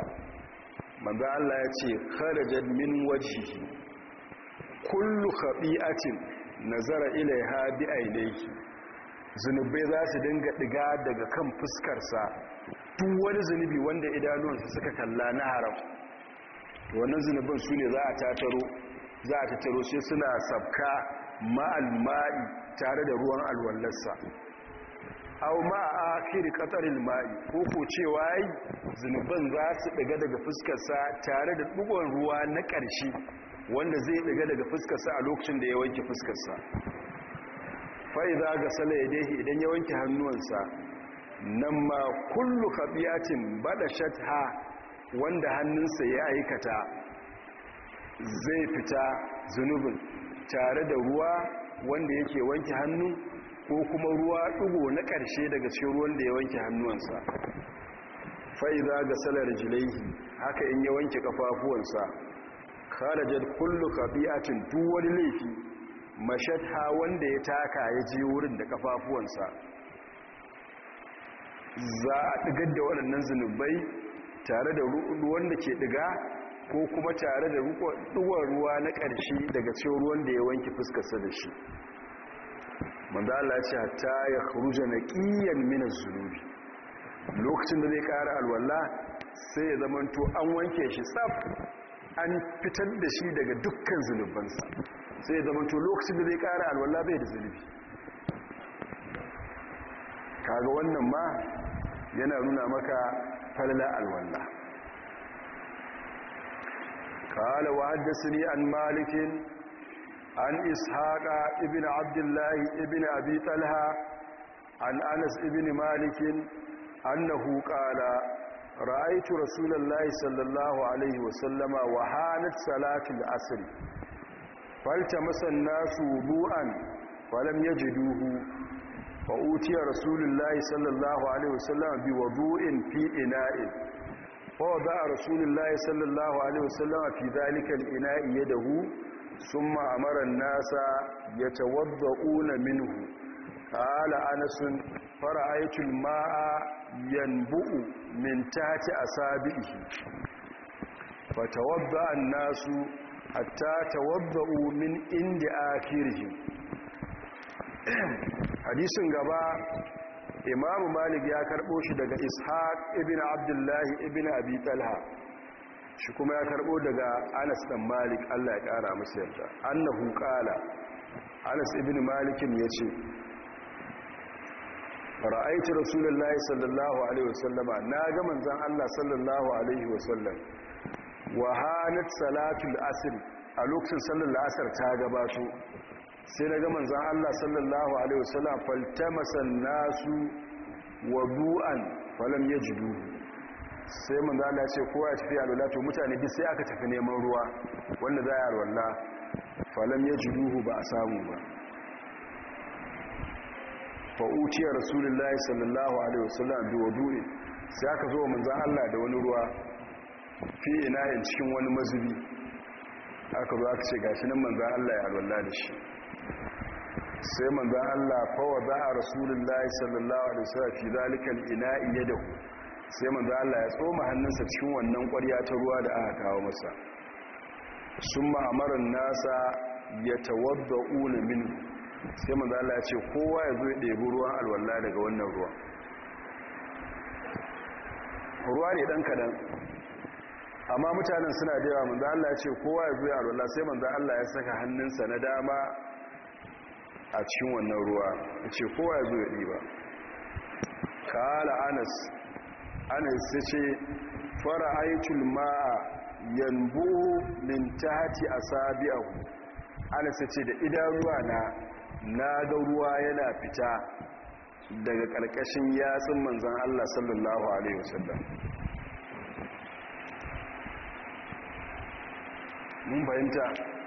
manzo Allah ya ce kharajat min wajhihi kullu khabi'atin nazara ilaiha bi ainihi zunubai za su dinga diga daga kan fuskarsa duk wani zunubi wanda idanuwansa suka kalla na haram wannan zunuban su ne za a tattaro za a tataro sai suna sabka ma'alma'i tare da ruwan alwallarsa au ma'a kiri katarin ma'i ko ko cewa yi zunuban za su daga daga fuskarsa tare da ɗugon ruwa na ƙarshe wanda zai daga daga fuskarsa a lokacin da ya wanke fuskarsa fa'iza ga sala ya dehi idan ya wanke hannuwansa nan ma kullu kafiyatin baɗa shat ha wanda hannunsa ya aikata zai fita zunubin tare da ruwa wanda yake wanke hannu ko kuma ruwa ɗugo na ƙarshe daga cikin ruwan da ya wanke hannuwansa fa'iza ga salar jilaihi haka in yi wanke ƙafafuwansa kharajar kullu kabi'atin duk wani laifi mashatha wanda ya taka ya je wurin da ƙafafuwansa za a ɗigar da waɗannan zunubai tare da ruwan da ke diga ko kuma tare da ruwan ruwa na ƙarshe daga cikin ruwan da ya wanke fuskarsa da shi manzo Allah ya ce hatta ya khuruja naqiyan min az-zunubi lokacin da zai ƙara alwala sai ya zamanto an wanke shi tsaf an fitar da shi daga dukkan zunubansa sai ya zamanto lokacin da zai ƙara alwala bai da zunubi kaga wannan ma yana nuna maka Kalla alwalla kala wa haddasani an malikin an ishaqa ibn abdullahi ibn abi talha an anas ibn malikin annahu qala ra'aytu rasulullahi sallallahu alaihi sallama, wa halat salatul asr faltamasa an-nasu wudu'an falam yajiduhu fa'utiyar rasulullahi sallallahu alaihi wasallam bi wadu'in fi ina'in fawada a rasulullahi sallallahu alaihi wasallam fi zalikan ina'i ya dahu sun ma'amaran nasa ya tawadda'una minhu ƙala fara fara'aikin ma'a yanbu'u min tati a Ba tawadda an nasu hatta tawadda'u min inda akirihim hadisin gaba imamu malik ya karbo shi daga ishaq ibn abdullahi ibn abi talha shi kuma ya karbo daga anas dan malik allah ya kara musu yarda annahu qala anas ibn malikin ya ce ra'aitu rasulullahi sallallahu alaihi wasallama na ga manzon allah sallallahu alaihi wasallam wa hanat salatul asr a lokacin sallar asr ta gabato sai na gaman zan Allah sallallahu Alaihi wasallam faltamasan nasu wadu'an falam ya jidu sai mun zala ce kowa ya tafi alwala to mutane bi sai aka tafi neman ruwa wanda za a yi alwala falam ya jidu ba a samu ba fa'uciyar rasulullahi sallallahu alaihi wasallam bi wadu'in sai aka zo mun zan Allah da wani ruwa fi ina yin cikin wani mazubi aka zo aka ce gashi nan manzan Allah ya alwala da shi sai manzan Allah fawa za a rasulullahi sallallahu alaihi wasallam fi ina iya yadahu sai manzan Allah ya tsoma hannunsa cikin wannan ƙwarya ta ruwa da aka kawo masa summa ma'amarin nasa ya una min sai manzan Allah ya ce kowa ya zo ya ɗebi ruwan alwallah daga wannan ruwan ruwa ne ɗan kaɗan amma mutanen suna da yawa manzan Allah ya ce kowa ya zo ya alwallah sai manzan Allah ya saka hannunsa na dama a cikin wannan ruwa a ce kowa ya zo ya ɗiba kala anas anas ce fara ma a yanbu min a asabi'ahu anas ya ce da ruwa na na ga ruwa yana fita daga ƙarƙashin yatsun manzan Allah sallallahu alaihi wasallam mun fahimta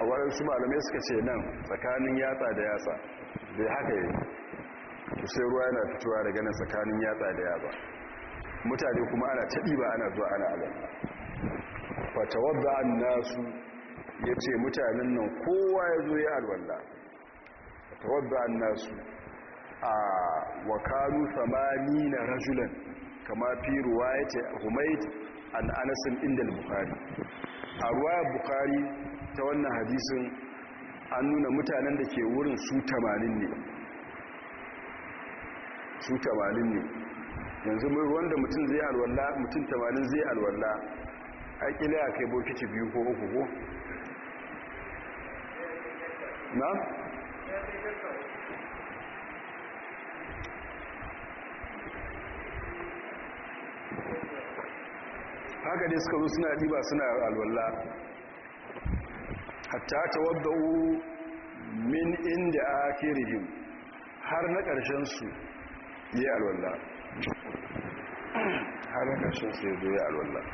a waɗansu malamai suka ce nan tsakanin yatsa da yatsa da haka yi sai ruwa yana fitowa da ganin tsakanin yatsa da yatsa mutane kuma ana taɗi ba ana zuwa ana alalla wadda an nasu ya ce mutanen nan kowa ya zo ya alwalla wadda an nasu a wakalu samani na rajulan kama fi ruwa ya ce humaid an anasin inda bukari a ruwa bukari ta wannan hadisin an nuna mutanen da ke wurin su tamanin ne su tamanin ne yanzu mai wanda mutum zai alwalla mutum tamanin zai alwalla aikila ya kai bokici biyu ko uku ko na? haka dai suka zo suna diba suna alwalla hatta u min inda akirihim har na ƙarshen su yi alwallah har na ƙarshen su yi zo yi alwallah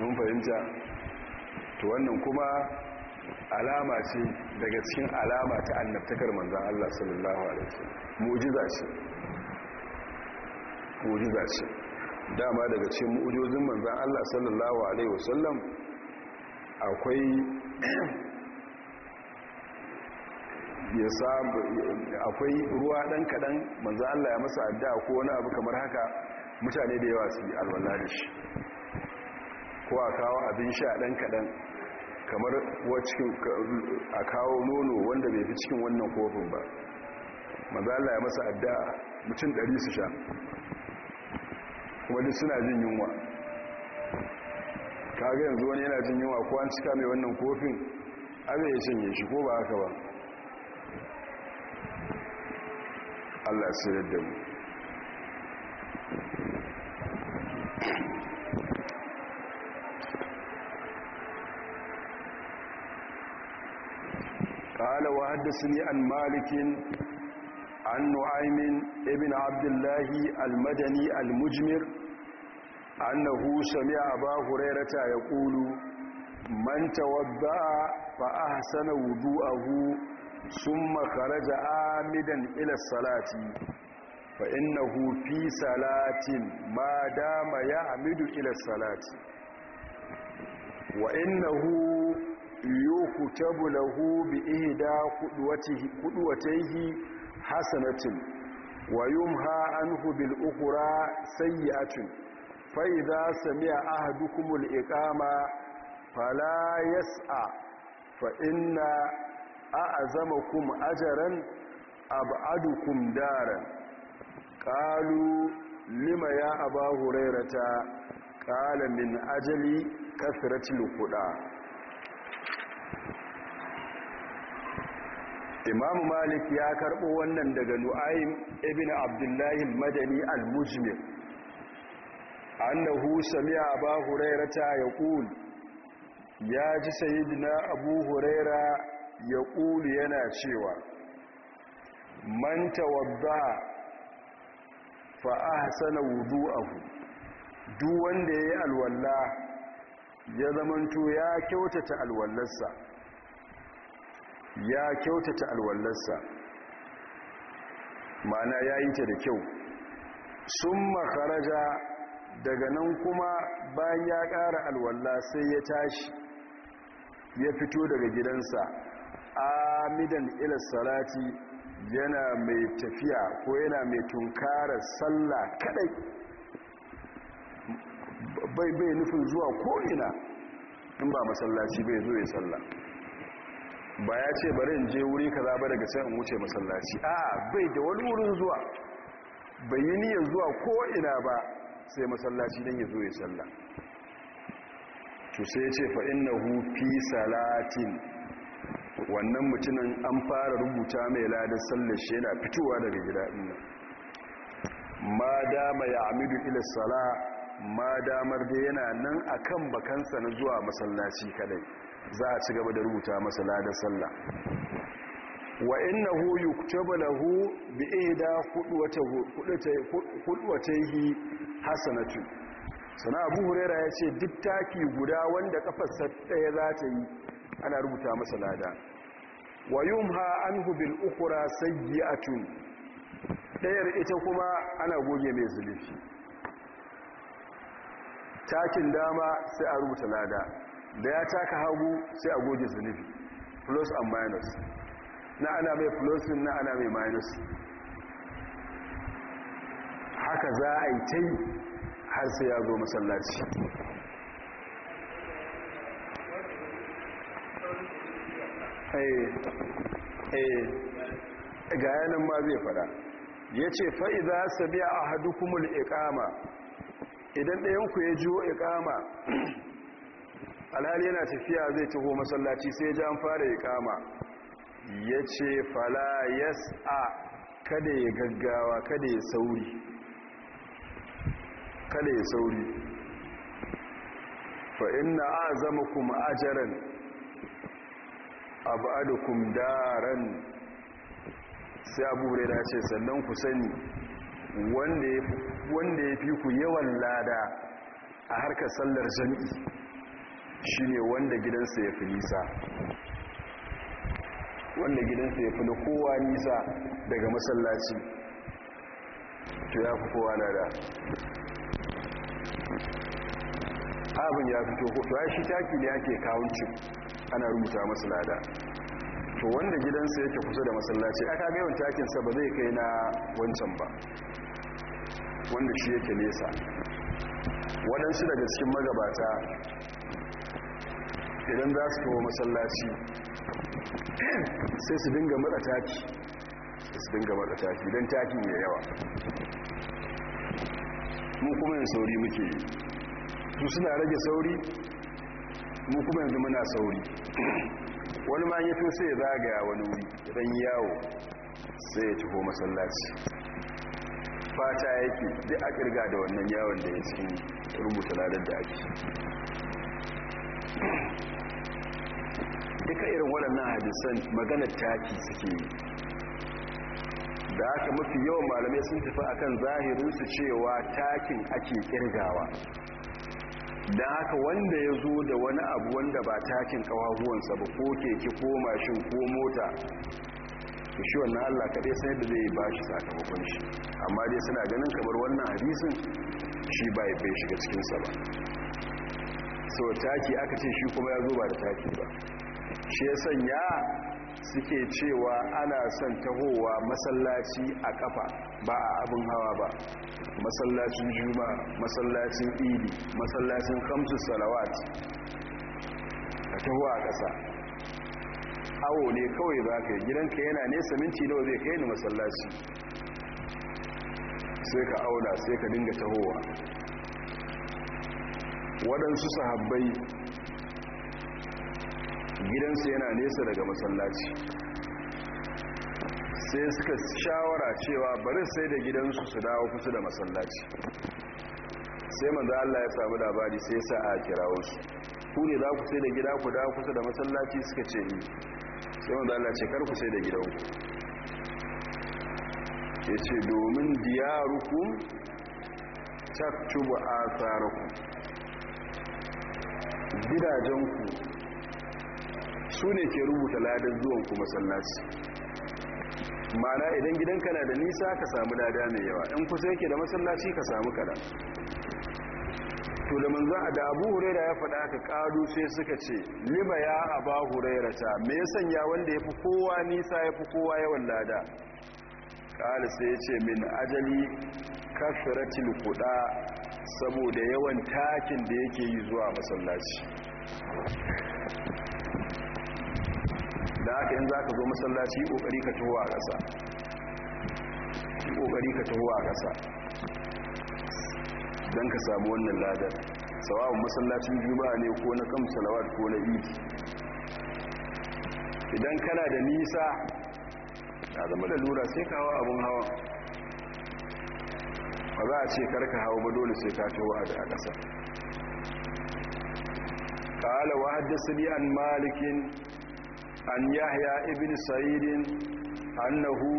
mun fahimta to wannan kuma alama ce daga cikin alama ta annabtakar manzan Allah sallallahu alaihi wasallam mu'jiza ce mu'jiza ce dama daga cikin mu'ujojin manzan Allah sallallahu alaihi wasallam akwai ya sabu akwai ruwa dan kadan manzan Allah ya masa addu'a ko wani abu kamar haka mutane da yawa su yi alwala da shi ko a kawo abin sha dan kadan kamar a kawo nono wanda bai fi cikin wannan kofin ba manzan Allah ya masa addu'a mutum 100 su sha wani suna jin yunwa kaga yanzu wani yana jin yunwa ko an cika mai wannan kofin abin ya cinye shi ko ba haka ba allah sayar da mu قال وحدثني عن مالك عن نعيم ابن عبد الله المدني المجمر أنه سمع أبا هريرة يقول من توضأ فأحسن وضوءه ثم خرج آمدا إلى الصلاة فإنه في صلاة ما دام يعمد إلى الصلاة وإنه يكتب له بإهدى قدوته, قدوته hasanatin wa yumha anhu bil ukhra sayyatin fa idza sami'a ahadukum al iqama fala yas'a fa inna a'zamakum ajran ab'adukum daran qalu lima ya abahu rairata, qala min ajali kasratil kuɗa. imamu malik ya karɓo wannan daga Nu'ayin ibn abdullahi madani al-mujmir annahu sami'a abu hurairata yaqul ya ji sayyidina abu huraira yaqul yana cewa Manta tawadda fa ahsana abu. duk wanda yayi alwalla ya zamanto ya kyautata alwallarsa ya kyautata alwallarsa ma'ana ya yi ta da kyau sun makaraja daga nan kuma bayan ya ƙara alwalla sai ya tashi ya fito daga gidansa amidan ila salati yana mai tafiya ko yana mai tunkarar sallah kadai bai bai nufin zuwa ko'ina in ba masallaci bai zo ya sallah ba ya ce bari in je wuri kaza ba daga sai in wuce masallaci a bai da wani wurin zuwa bai yi niyyar zuwa ko ina ba sai masallaci don ya zo ya salla to sai ya ce fa innahu fi salatin wannan mutumin an fara rubuta mai ladan sallar shi yana fitowa daga gida ɗin ma dama ya amidu ila sala ma damar da yana nan akan bakansa na zuwa masallaci kadai za a ci gaba da rubuta masa ladar sallah wa hu yuktaba lahu bi ida qudwatayhi hasanatu sana abu huraira yace duk taki guda wanda kafarsa ɗaya za ta yi ana rubuta masa lada wa yumha anhu bil ukhra sayyi'atun dayar ita kuma ana goge mai zulufi takin dama sai a rubuta lada da ya taka hagu sai a goge zunubi plus and minus na ana mai plus na ana mai minus haka za a yi ta yi har sai ya zo masallaci eh, eh, ga yanan ma zai fada ya ce fa'iza biya a hadu kuma ikama idan ɗayanku ya jiwo ikama alhali yana tafiya zai taho masallaci sai jan fara ya kama ya ce fala yas'a kada ya gaggawa kada ya sauri kada ya sauri fa inna azamukum ajran ab'adukum daren sai abu hurairah ce sannan ku sani wanda ya fi ku yawan lada a harkar sallar jami'i shi ne wanda gidansa ya fi nisa wanda gidansa ya fi na kowa nisa daga masallaci to ya fi kowa na da abin ya fi toko, to ya shi taki ne ake kawuncin ana rubuta matsalada to wanda gidansa yake kusa da masallaci aka ga yawan takinsa ba zai kai na wancan ba wanda shi yake nesa waɗansu daga cikin magabata idan za su kawo masallaci sai su dinga matsa taki su dinga matsa taki don taki mai yawa mu kuma yin sauri muke yi su suna rage sauri mu kuma yanzu muna sauri wani ma yato sai zagaya wani wuri idan yawo sai ya taho masallaci fata yake duk a kirga da wannan yawon da ya cikin rubuta ladar da ake duka irin waɗannan hadisan maganar taki suke yi da aka mafi yawan malamai sun tafi akan su cewa takin ake kirgawa da haka wanda ya zo da wani abu wanda ba takin kawahuwansa ba ko keke ko mashin ko mota shi wannan allah kaɗai sai da zai ba shi sakamakon shi amma dai suna ganin kamar wannan hadisun shi ba ya bai shiga cikinsa ba so taki aka ce shi kuma ya zo ba da taki ba shi sanya suke cewa ana son tahowa masallaci a kafa ba a abin hawa ba masallacin juma masallacin idi masallacin kamsu salawat a tahowa a ƙasa awo ne kawai ba ka gidanka yana nesa minti nawa zai kai ni masallaci sai ka auna sai ka dinga tahowa waɗansu sahabbai gidansu yana nesa daga masallaci sai suka shawara cewa bari sai da gidansu su dawo kusa da masallaci sai manzo Allah ya samu labari sai sa a kirawo su ku ne za ku sai da gida ku dawo kusa da masallaci suka ce ni eh. sai manzo Allah ce kar ku sai da gidanku yace domin diyarukum taktubu atharukum gidajenku su ne ke rubuta ladan zuwan kuma sallaci mana idan gidan na da nisa ka samu lada mai yawa in kusa yake da masallaci ka samu kada to da manzan da abu huraira ya faɗa ka ƙaru sai suka ce liba ya aba huraira ta me sanya wanda ya fi kowa nisa ya fi kowa yawan lada ƙari sai ya ce min ajali kafiratil kuɗa saboda yawan takin da yake yi zuwa masallaci da haka in za ka zo masallaci ƙoƙari ka tuwa a ƙasa ƙoƙari ka taho a ƙasa don ka samu wannan ladar sawa'un masallacin juma'a ne ko na kam salawar ko na idi idan kana da nisa ya zama da lura sai kawo abin hawa ba za a ce karka hawa ba dole sai ka tuwa a ƙasa قال وحدثني عن مالك an yahya ibn sa'idin annahu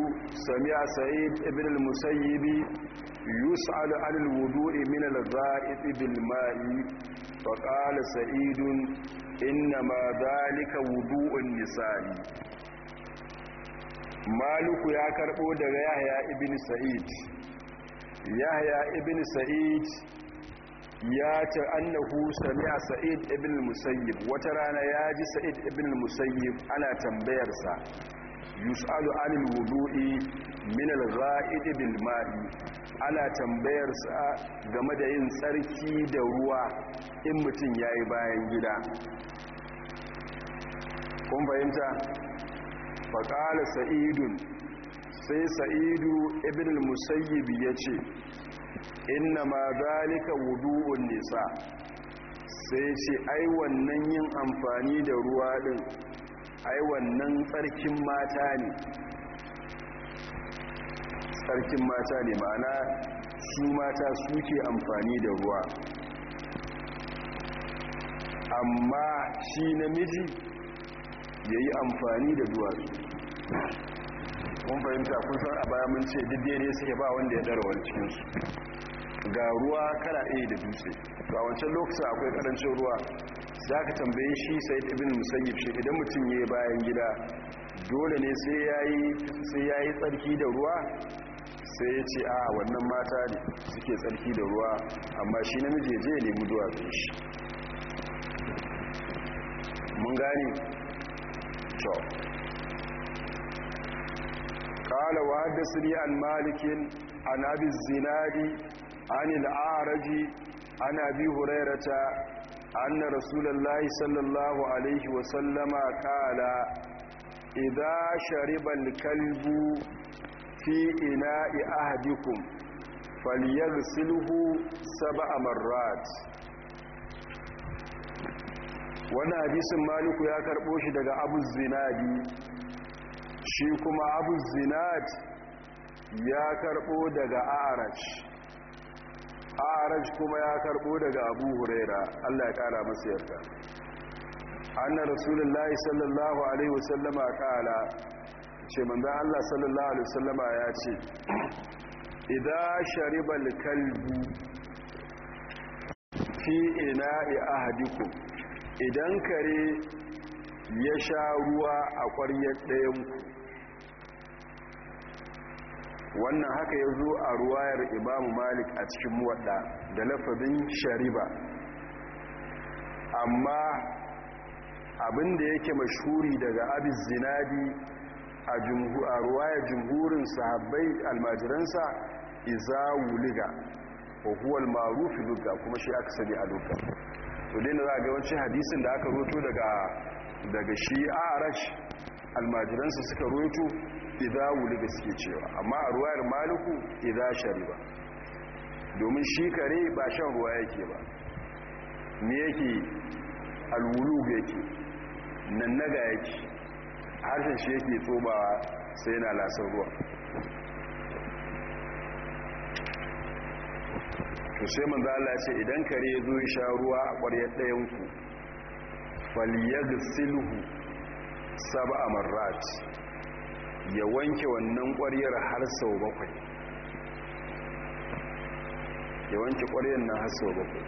sami'a sa'id ibn al-musayyib yus'alu 'an al-wudu'i min al-za'id bil ma'i fa qala sa'idun innama dhalika wudu'un nisa'i Maliku ya karbo daga yahya ibn sa'id yahya ibn sa'id ya ce annahu sami'a sa'id ibn musayyib wata rana ya ji sa'id ibn musayyib ana tambayarsa yus'alu anil wudu'i min al-gha'id ma'i ana tambayarsa game da yin tsarki da ruwa in mutum yayi bayan gida kun fahimta Baƙala sa'idun sai sa'idu ibn al-musayyib yace inna ma zalika wudu'un nisa sai ce ai wannan yin amfani da ruwa din ai wannan tsarkin mata ne tsarkin mata ne ma'ana su mata suke amfani da ruwa amma shi namiji yayi amfani da duwatsu kun fahimta kun san a baya mun ce duk ne suke ba wanda ya dara wani cikinsu ga ruwa kala ɗaya da dutse to a wancan lokacin akwai karancin ruwa za ka tambaye shi sai ibn musayyib shi idan mutum ya bayan gida dole ne sai ya yi tsarki da ruwa sai ya ce a wannan mata ne suke tsarki da ruwa amma shi namiji ya je ya nemi duwatsun shi mun gane to قال وحدثني عن مالك عن ابي الزناد عن الاعرج عن ابي هريره ان رسول الله صلى الله عليه وسلم قال اذا شرب الكلب في اناء احدكم فليغسله سبع مرات wannan hadisin maliku ya karbo shi daga abu zinadi shi kuma abu zinat ya karbo daga araj araj kuma ya karbo daga abu huraira allah ya kara masu yarda anna rasulullahi sallallahu alaihi wasallama kala ce manzan allah sallallahu alaihi wasallama ya ce idan sharibal kalbi fi ina'i ahadikum idan kare ya sha ruwa a ƙwaryar ku wannan haka ya zo a ruwayar imamu malik a cikin muwadda da lafabin shariba amma abin abinda yake mashuri daga abin zinadi a ruwayar jumhurin sahabbai almajiransa iza wuliga wa huwa al kuma shi aka sani a luga to za a wancan hadisin da aka roto daga daga shi arash almajiransa suka roto wuli da suke cewa amma a ruwayar maliku shari ba, domin shi kare ba shan ruwa yake ba me yake alwulug yake ga yake harshen shi yake tsobawa sai yana lasar ruwa to sai manzo ce idan kare ya zo ya sha ruwa a ƙwaryar ɗayan ku falyagsilhu sab'a marrat ya wanke wannan ƙwaryar har sau bakwai ya wanke ƙwaryar nan har sau bakwai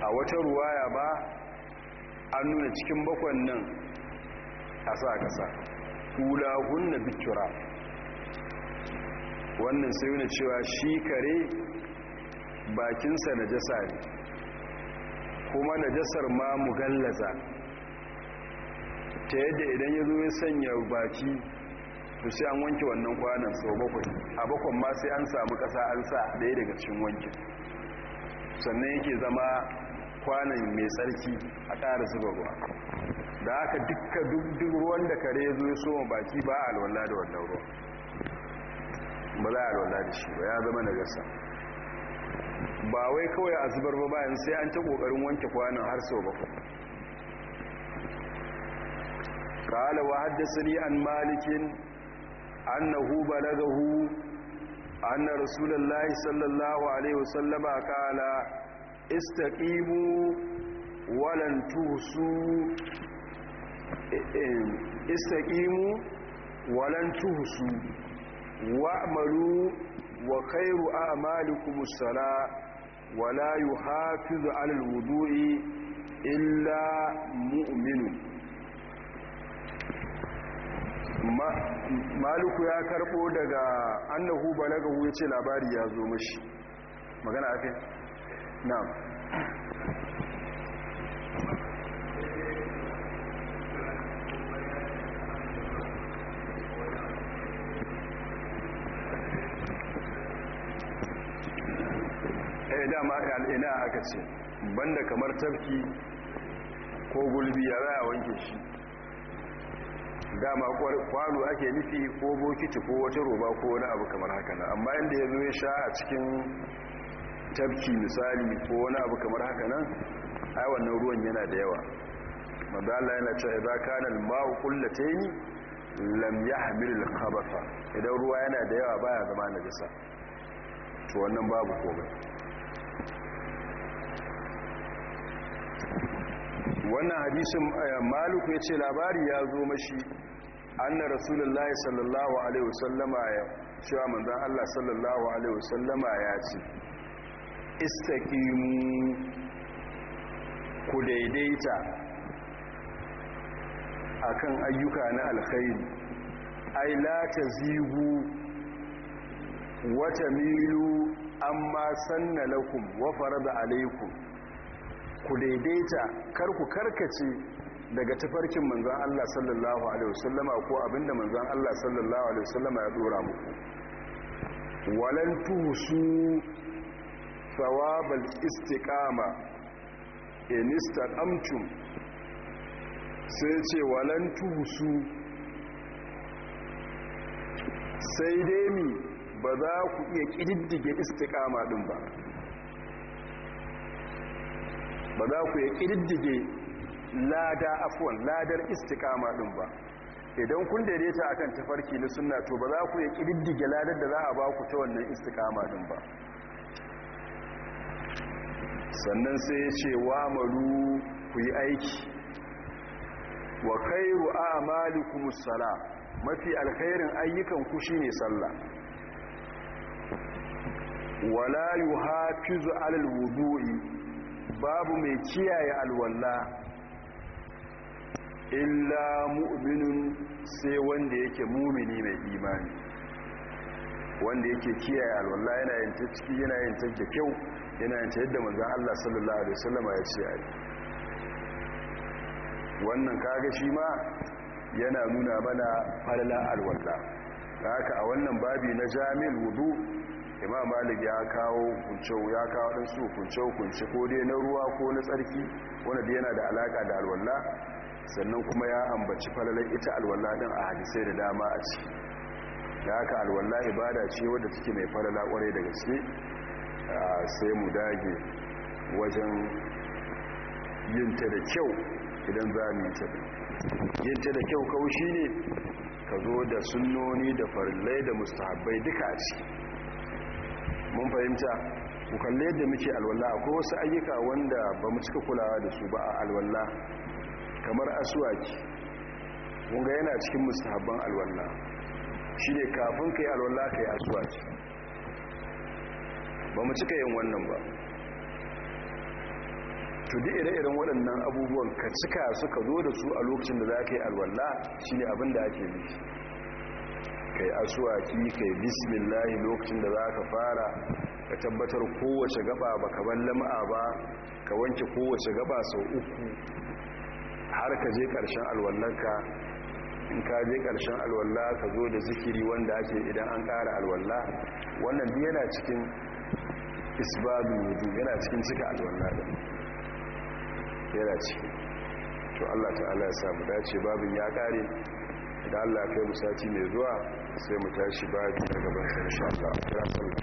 a wata ruwaya ba an nuna cikin bakwan nan a sa ƙasa kula hunna bitura wannan sai yana cewa shi kare bakinsa na jasa ne kuma najasar ma mugallaza ta yadda idan ya zo ya sanya baki to sai an wanke wannan kwanan sau bakwai a bakwan ma sai an samu kasa an sa ɗaya daga cikin wankin sannan yake zama kwanan mai tsarki a ƙara zuba ruwa da aka dukkan duk ruwan da kare ya zo ya soma baki ba a alwala da wannan ruwan ba za a alwala da shi ba ya zama najasa ba wai kawai a zubar ba bayan sai an ta kokarin wanke kwanan har sau bakwai ƙala wa haddasa ni an malikin an na hu ba daga hu an na rasulallah sallallahu alaihi wasallama ƙala ista ƙimu walantu su eh, eh, ista walantu su wa'amalu wa khairu a'malikum as-salah wa la yuhafizu 'ala al-wudu'i illa muminu maliku ya karbo daga annahu balagahu yace labari ya zo mashi magana akai na'am dama aka al'ina aka ce banda kamar tafki ko gulbi ya za a wanke shi dama kwano ake nufi ko bokiti ko wata roba ko wani abu kamar haka na amma inda ya zo ya sha a cikin tafki misali ko wani abu kamar haka nan yi wannan ruwan yana da yawa madala yana cewa idan kana al-ma'u qullatayn lam yahmil al-khabatha idan ruwa yana da yawa baya zama najasa to wannan babu komai wannan hadisin eh, malik ya ce labari ya zo mashi anna rasulullahi sallallahu alaihi wasallama ya cewa manzan Allah sallallahu alaihi wasallama ya ce istaqimu ku daidaita a kan ayyuka na alkhairi ai la wata milu an amma sanna lakum wa farada alaikum ku daidaita kar ku karkace daga tafarkin manzan Allah sallallahu alaihi wasallama ko abinda manzan Allah sallallahu alaihi wasallama ya dora muku walan su thawabal Istikama, in istaqamtum sai ce walantu su sai dai mi ba za ku iya kididdige istikama din ba ba za ku ya ƙididdige lada afuwan ladar istikama ɗin ba idan kun daidaita a kan tafarki na suna to ba za ku ya ƙididdige ladar da za a ba ku ta wannan istikama ɗin ba sannan sai ya ce wa maru ku yi aiki wa kairu a maliku musala mafi alkhairin ayyukan ku shi ne sallah wala yuhafizu alal wudu'i babu mai kiyaye alwalla illa mu'minun sai wanda yake mumini mai imani wanda yake kiyaye alwalla yana yin ta ciki yana yin ta kyau yana yin ta yadda manzon Allah sallallahu alaihi wasallam ya ce ai wannan kaga shi ma yana nuna mana falala alwalla haka a wannan babi na jami'ul wudu imam malik ya kawo hukuncewu ya kawo ɗansu hukunce-hukunce ko dai na ruwa ko na tsarki wanda dai yana da alaka da alwalla sannan kuma ya ambaci falalar ita alwalla ɗin a hadisai da dama a ci da haka alwalla ibada ce wadda take mai falala ƙwarai da gaske sai mu dage wajen yinta da kyau idan za mu yi ta yinta da kyau kaushi ne ka zo da sunnoni da farillai da mustahabbai duka a ciki mun fahimta ku kalle yadda muke alwala akwai wasu ayyuka wanda ba mu cika kulawa da su ba a alwala kamar asuwaki ga yana cikin mustahabban alwala shi ne kafin ka yi alwala ka yi asuwaki ba mu cika yin wannan ba to duk ire-iren waɗannan abubuwan ka cika suka zo da su a lokacin da za ka yi alwala shi ne abin da ake nufi kai asuwaki kai bismillah lokacin da za ka fara ka tabbatar kowace gaba ba ka ban lam'a ba ka wanke kowace gaba sau uku har ka je karshen alwallarka in ka je karshen alwalla ka zo da zikiri wanda ake idan an ƙara alwalla wannan duk yana cikin isbabu wudu yana cikin cika alwalla da yana ciki to Allah ta'ala ya samu dace babin ya ƙare da Allah kai musati sati mai zuwa sai mu tashi babi na gaban sa insha Allah kira sallah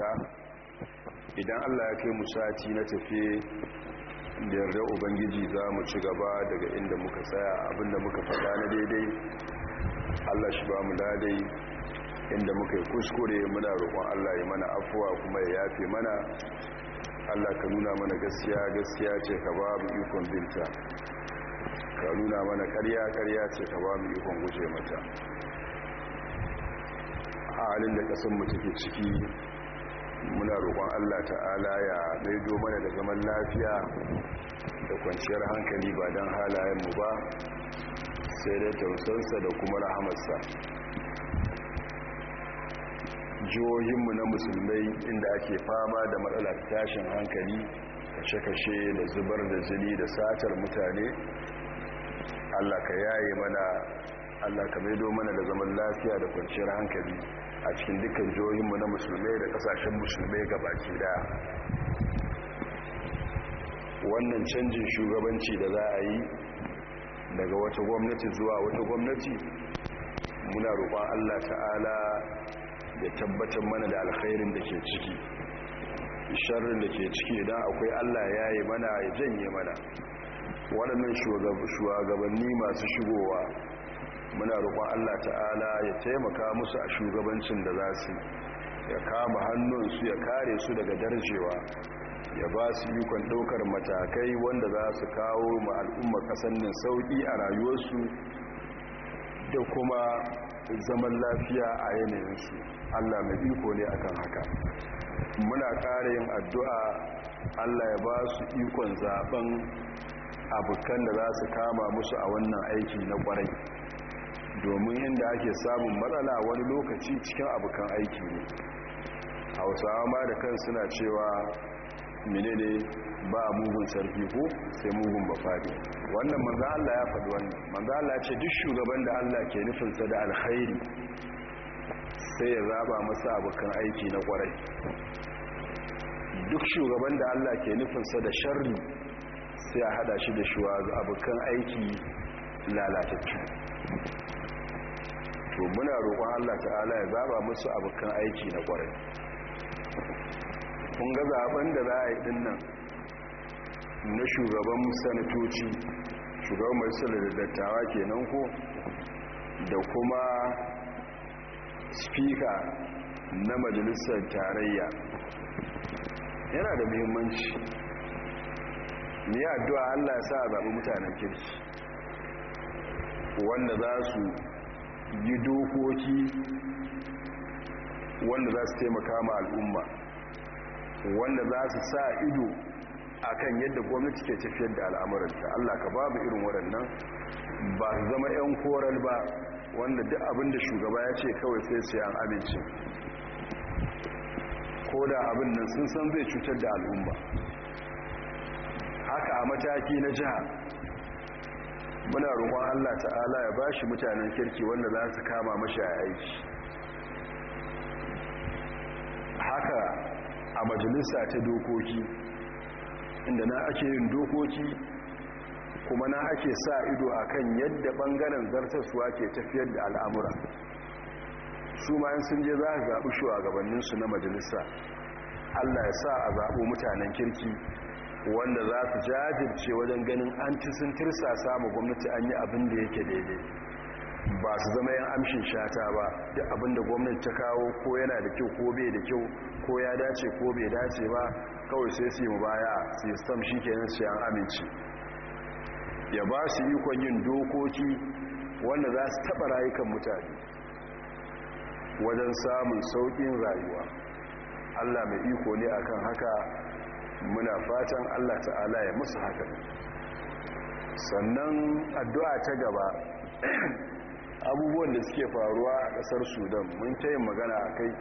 ta idan allah ya kai musati na tafi da yarda ubangiji za mu ci gaba daga inda muka tsaya abinda muka faɗa na daidai allah shi ba mu daidai. inda muka yi kuskure muna roƙon allah ya mana afuwa kuma ya yafe mana allah ka nuna mana gaskiya gaskiya ce ka ba mu ikon binta ka nuna mana karya karya ce ka ba mu ikon guje mata a halin da kasan mu ke ciki muna roƙon allah ta'ala ya daido mana da zaman lafiya da kwanciyar hankali ba don halayenmu ba sai dai tausarsa da kuma rahamarsa jihohinmu na musulmai inda ake fama da matsalar tashin hankali kashe-kashe da zubar da jini da satar mutane allah ka yaye mana allah ka maido mana da zaman lafiya da kwanciyar hankali a cikin dukkan jihohinmu na musulmai da kasashen musulmai baki daya wannan canjin shugabanci da za a yi daga wata gwamnati zuwa wata gwamnati muna roƙon allah ta'ala ya tabbatar mana da alkhairin da ke ciki sharrin da ke ciki idan akwai allah ya yi mana ya janye mana waɗannan shugabanni masu shigowa muna roƙon Allah ta'ala ya taimaka musu a shugabancin da za su ya kama hannunsu ya kare su daga darjewa ya ba su ikon ɗaukar matakai wanda za su kawo ma al'ummar ƙasar nan sauƙi a rayuwarsu da kuma zaman lafiya a yanayinsu Allah mai iko ne kan haka muna ƙara yin addu'a Allah ya ba su ikon zaɓen abokan da za su kama musu a wannan aiki na ƙwarai domin inda ake samun matsala wani lokaci cikin abokan aiki ne hausawa ma da kan suna cewa menene ba mugun sarki ko sai mugun bafari wannan manzo Allah ya faɗi wannan manzo Allah ce duk shugaban da Allah ke nufinsa da alkhairi sai ya zaba masa abokan aiki na kwarai duk shugaban da Allah ke nufinsa da sharri sai a hada shi da shuwa abokan aiki lalatattu to muna roƙon Allah ta'ala ya zaba musu abokan aiki na ƙwarai kun ga zaben da za a yi dinnan na shugaban sanatoci shugaban da dattawa kenan ko da kuma spika na majalisar tarayya yana da muhimmanci ni addu'a Allah ya sa a zaɓi mutanen kirki wanda za su yi dokoki wanda za su taimaka ma al'umma wanda za su sa ido a kan yadda gwamnati ke tafiyar da al'amuranta Allah ka babu irin waɗannan ba su zama 'yan koral ba wanda duk abinda shugaba ya ce kawai sai su yan amince ko da abin nan sun san zai cutar da al'umma haka a mataki na jiha muna roƙon Allah ta'ala ya bashi mutanen kirki wanda za su kama mashi a aiki haka a majalisa ta dokoki inda na ake yin dokoki kuma na ake sa ido a kan yadda ɓangaren zartaswa ke tafiyar da al'amura su ma yin sun je za a zaɓi shugabanninsu na majalisa allah ya sa a zaɓo mutanen kirki wanda za su jajirce wajen ganin an ci sun tirsa samu gwamnati an yi abin da yake daidai ba su zama yan amshin shata ba da abin da gwamnati ta kawo ko yana da kyau ko bai da kyau ko ya dace ko bai dace ba kawai sai su yi baya su yi sam shi yin su yan aminci ya ba su ikon yin dokoki wanda za su taɓa rayukan mutane wajen samun sauƙin rayuwa allah mai iko ne akan haka muna fatan Allah ta'ala ya musu haka sannan addu'a ta gaba abubuwan da suke faruwa a ƙasar sudan mun ta magana a kai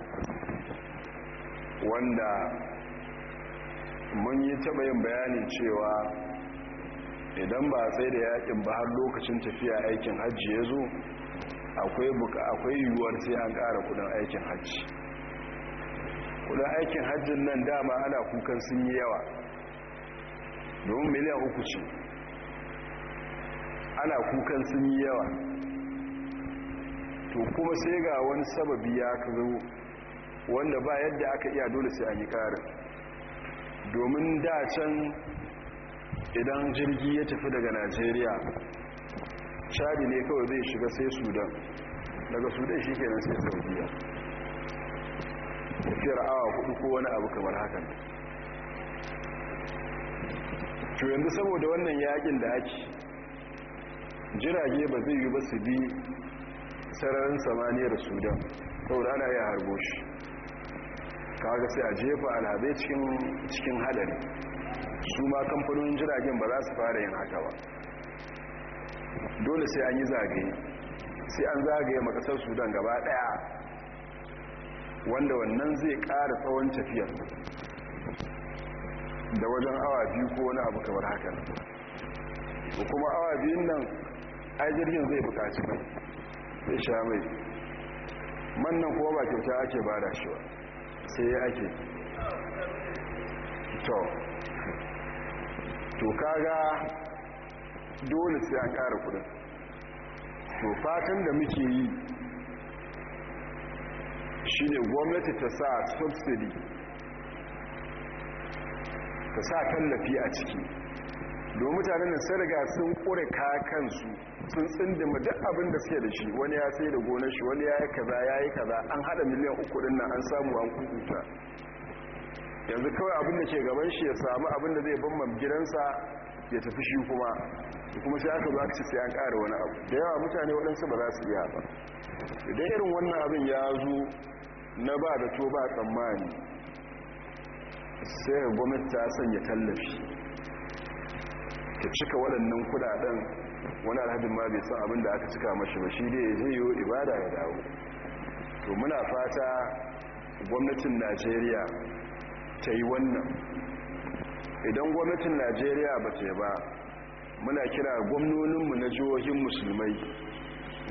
wanda mun yi taɓa yin bayanin cewa idan ba sai da yakin ba har lokacin tafiya aikin hajji ya zo akwai yiwuwar sai an ƙara kudin aikin hajji kudin aikin hajjin nan dama ana kukan sun yi yawa domin miliyan uku ce ana kukan sun yi yawa to kuma sai ga wani sababi ya kazo wanda ba yadda aka iya dole sai an yi karin domin da can idan jirgi ya tafi daga najeriya shadi ne kawai zai shiga sai sudan daga sudan shi kenan sai saudiya tafiyar awa hudu ko wani abu kamar hakan to yanzu saboda wannan yakin da ake jirage ba zai yi ba su bi sararin samaniyar sudan saboda ana iya harbo shi kaga sai a jefa alhabe cikin hadari su ma kamfanonin jiragen ba za su fara yin haka ba dole sai an yi zagaye sai an zagaye makasar sudan gaba daya wanda wannan zai ƙara tsawon tafiyar da wajen awa biyu ko wani abu kamar haka kuma awa biyun nan ajirgin zai bukaci mai ya sha mai mannan kuma ba kyauta ake ba da shi ba sai ake to to kaga dole sai an ƙara kudin to fatan da muke yi shi ne gwamnati ta sa subsidi ta sa tallafi a ciki domin mutanen da sarga sun kure kansu sun tsindima duk abin da suke da shi wani ya sai da gonar shi wani ya yi kaza ya yi kaza an hada miliyan uku nan an samu an kukuta yanzu kawai abin da ke gaban shi ya samu abin da zai bamban gidansa ya tafi shi kuma kuma sai aka zo aka sai an ƙara wani abu da yawa mutane waɗansu ba za su iya ba idan irin wannan abin ya zo na ba da to ba tsammani sai gwamnati ta sanya tallafi ta cika waɗannan kudaden wani alhajin ma bai san abin da aka cika mashi ba shi dai zai yi ibada ya dawo to muna fata gwamnatin najeriya ta yi wannan idan gwamnatin najeriya ba ce ba muna kira gwamnoninmu na jihohin musulmai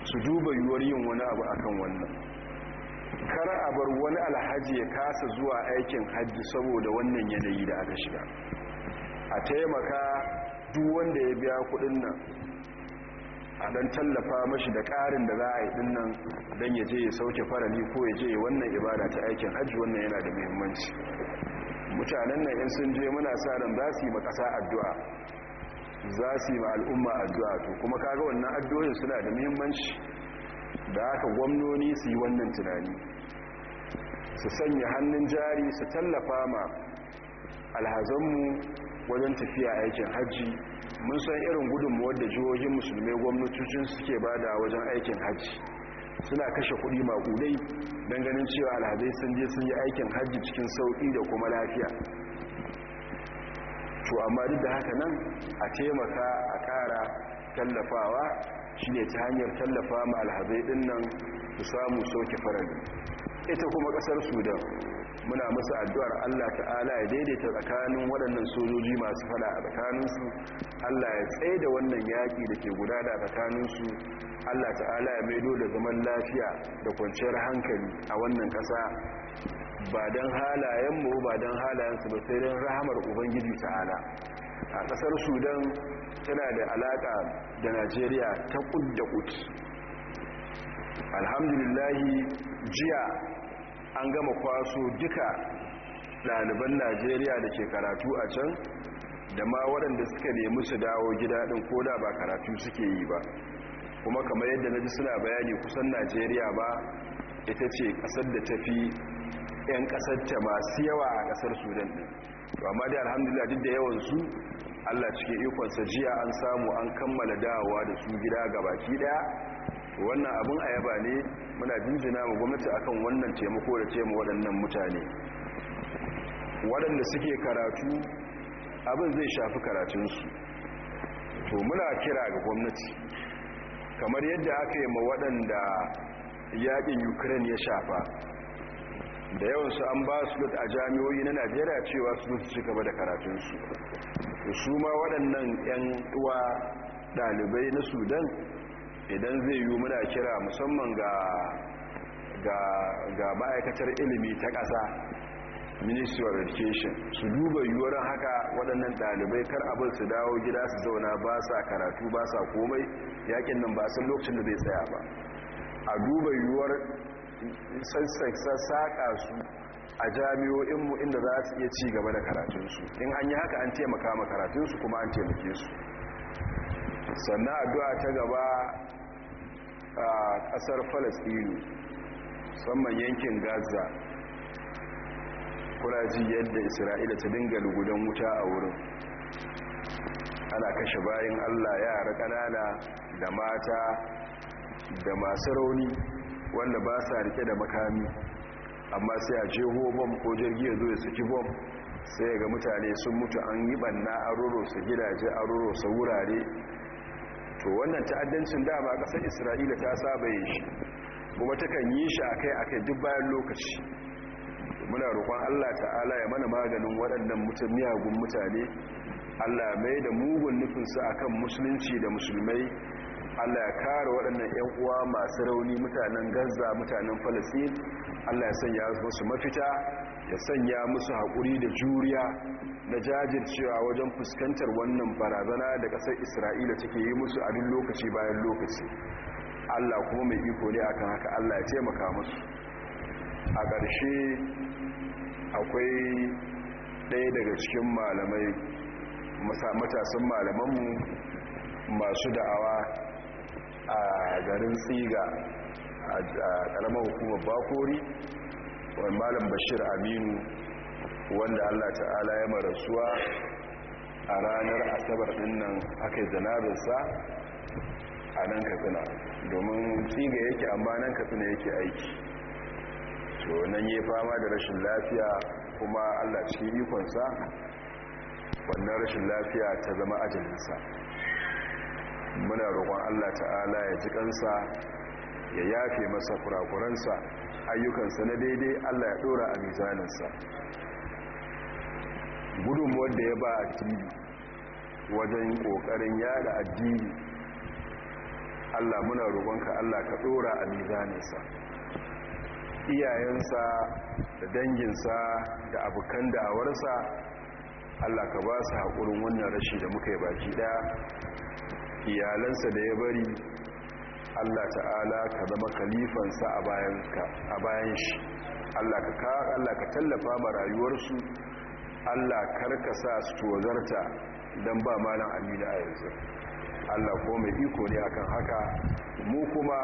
su duba yiwuwar yin wani abu akan wannan kar a bar wani alhaji ya kasa zuwa aikin hajji saboda wannan yanayi da aka shiga a taimaka duk wanda ya biya kudin nan a dan tallafa mashi da karin da za a yi din nan don ya je ya sauke farali ko ya je wannan ibada ta aikin hajji wannan yana da muhimmanci mutanen nan in sun je muna sa ran za su yi makasa addu'a za su yi ma al'umma addu'a to kuma kaga wannan addu’oyin suna da muhimmanci da aka gwamnoni su yi wannan tunani su sanya hannun jari su tallafa ma alhazanmu wajen tafiya aikin hajji mun san irin gudunmu wadda jihohin musulmai gwamnatocin suke bada wajen aikin hajji suna kashe kuɗi maƙudai don ganin cewa alhazai sun je sun yi aikin hajji cikin sauƙi da kuma lafiya to amma duk da haka nan a taimaka a ƙara tallafawa shi ne ta hanyar tallafa ma alhazai ɗin nan su samu sauke farari ita kuma ƙasar sudan muna musu addu'ar Allah ta'ala ya daidaita tsakanin waɗannan sojoji masu fada a tsakaninsu Allah ya tsaye da wannan yaƙi da ke guda da tsakaninsu Allah ta'ala ya maido da zaman lafiya da kwanciyar hankali a wannan ƙasa ba don halayenmu ba don halayensu ba sai don rahamar ubangiji ta ala. a ƙasar sudan tana da alaƙa da najeriya ta ƙud da ƙud alhamdulillahi jiya an gama kwaso duka ɗaliban najeriya da ke karatu a can da ma waɗanda suka nemi su dawo gida ɗin ko da ba karatu suke yi ba kuma kamar yadda na ji suna bayani kusan najeriya ba ita ce ƙasar da tafi 'yan ƙasar ta masu yawa a ƙasar sudan ɗin amma dai alhamdulillah duk da yawansu allah cikin ikonsa jiya an samu an kammala dawowa da su gida ga baki ɗaya wannan abin yaba ne muna jinjina wa gwamnati akan wannan taimako da taimako waɗannan mutane waɗanda suke karatu abin zai shafi karatunsu to muna kira ga gwamnati kamar yadda aka yi ma waɗanda yaƙin ukraine ya shafa da yawansu an ba su a jami'oyi na najeriya cewa su su ci gaba da karatunsu su ma waɗannan 'yan uwa ɗalibai na sudan idan zai yi muna kira musamman ga ga ma'aikatar ilimi ta ƙasa ministry of education su duba yiwuwar haka waɗannan ɗalibai kar abin su dawo gida su zauna ba sa karatu ba sa komai yakin nan ba san lokacin da zai tsaya ba a duba yiwuwar saka su a jami'o'inmu inda za su iya ci gaba da karatunsu in an yi haka an taimaka ma karatunsu kuma an taimake su sannan addu'a ta gaba a ƙasar falastini musamman yankin gaza kuraji yadda isra'ila ta dinga lugudan wuta a wurin ana kashe bayan allah yara ƙanana da mata da masu rauni wanda ba sa rike da makami amma sai a jeho bom ko jirgi ya zo ya saki bom sai ga mutane sun mutu an yi banna a roro su gidaje a roro su wurare to wannan ta'addancin dama kasar isra'ila ta saba yin shi kuma takan yi shi akai-akai duk bayan lokaci muna roƙon allah ta'ala ya mana maganin waɗannan miyagun mutane allah mai da mugun nufinsu kan musulunci da musulmai allah ya kare waɗannan 'yan uwa masu rauni mutanen gaza mutanen falasin allah ya sanya musu mafita ya sanya musu haƙuri da juriya da jajircewa wajen fuskantar wannan barazana da ƙasar isra'ila take yi musu abin lokaci bayan lokaci allah kuma mai iko ne akan haka allah ya taimaka musu a ƙarshe akwai ɗaya daga cikin malamai matasan malamanmu masu da'awa a garin tsiga a ƙaramar hukumar bakori wani malam bashir aminu wanda Allah ta'ala ya marasuwa a ranar asabar dinnan aka yi janabinsa a nan katsina domin tsiga yake amma nan katsina yake aiki to nan yi fama da rashin lafiya kuma Allah cikin ikonsa wannan rashin lafiya ta zama ajalinsa muna roƙon Allah ta'ala ya ji kansa ya yafe masa kurakuransa ayyukansa na daidai Allah ya ɗora a mizaninsa gudunmuwar da ya ba a tv wajen ƙoƙarin yada addini allah muna rubanka allah ka ɗora a nizaninsa iyayensa da danginsa da abokan da'awarsa allah ka ba su haƙurin wannan rashi da muka yi baki ɗaya iyalansa da ya bari allah ta'ala ka zama kalifansa a bayan shi allah ka tallafa ma rayuwarsu allah karka sa su tozarta don ba malam amina a yanzu allah ko mai iko ne akan haka mu kuma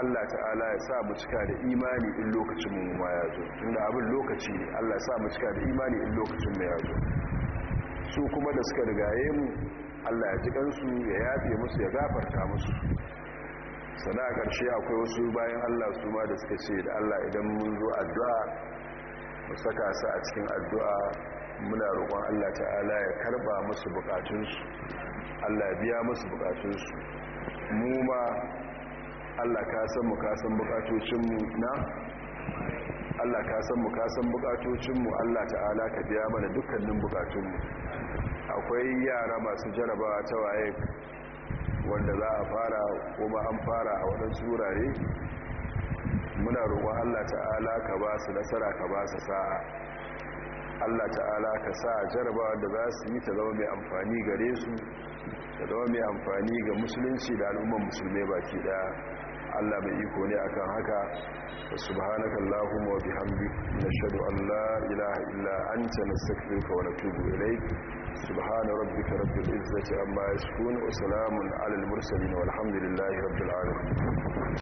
allah ta'ala ya sa mu cika da imani in lokacin mu ma ya zo tunda abin lokaci ne allah ya sa mu cika da imani in lokacin mu ya zo su kuma da suka rigaye mu allah ya ji kansu ya yafe musu ya gafarta musu sana a ƙarshe akwai wasu bayan allah su ma da suka ce da allah idan mun zo addu'a mu saka su a cikin addu'a muna roƙon Allah ta'ala ya karba musu bukatunsu Allah biya musu bukatunsu mu ma Allah ka san mu ka san bukatocinmu na Allah ka san mu ka san bukatocinmu Allah ta'ala ka biya mana dukkanin bukatunmu akwai yara masu jarabawa ta waye wanda za a fara kuma an fara a wadansu wurare muna roƙon Allah ta'ala ka ba su nasara ka ba su sa'a Allah ta'ala ka sa jarabawa da za su yi ta zama mai amfani gare su ta zama mai amfani ga musulunci da al'umman musulmai baki daya Allah mai iko ne akan haka subhanaka allahumma wa bihamdika nashhadu an la ilaha illa anta nastaghfiruka wa natubu ilayk subhana rabbika rabbil izzati amma yasifun wa salamun alal mursalin walhamdulillahi rabbil alamin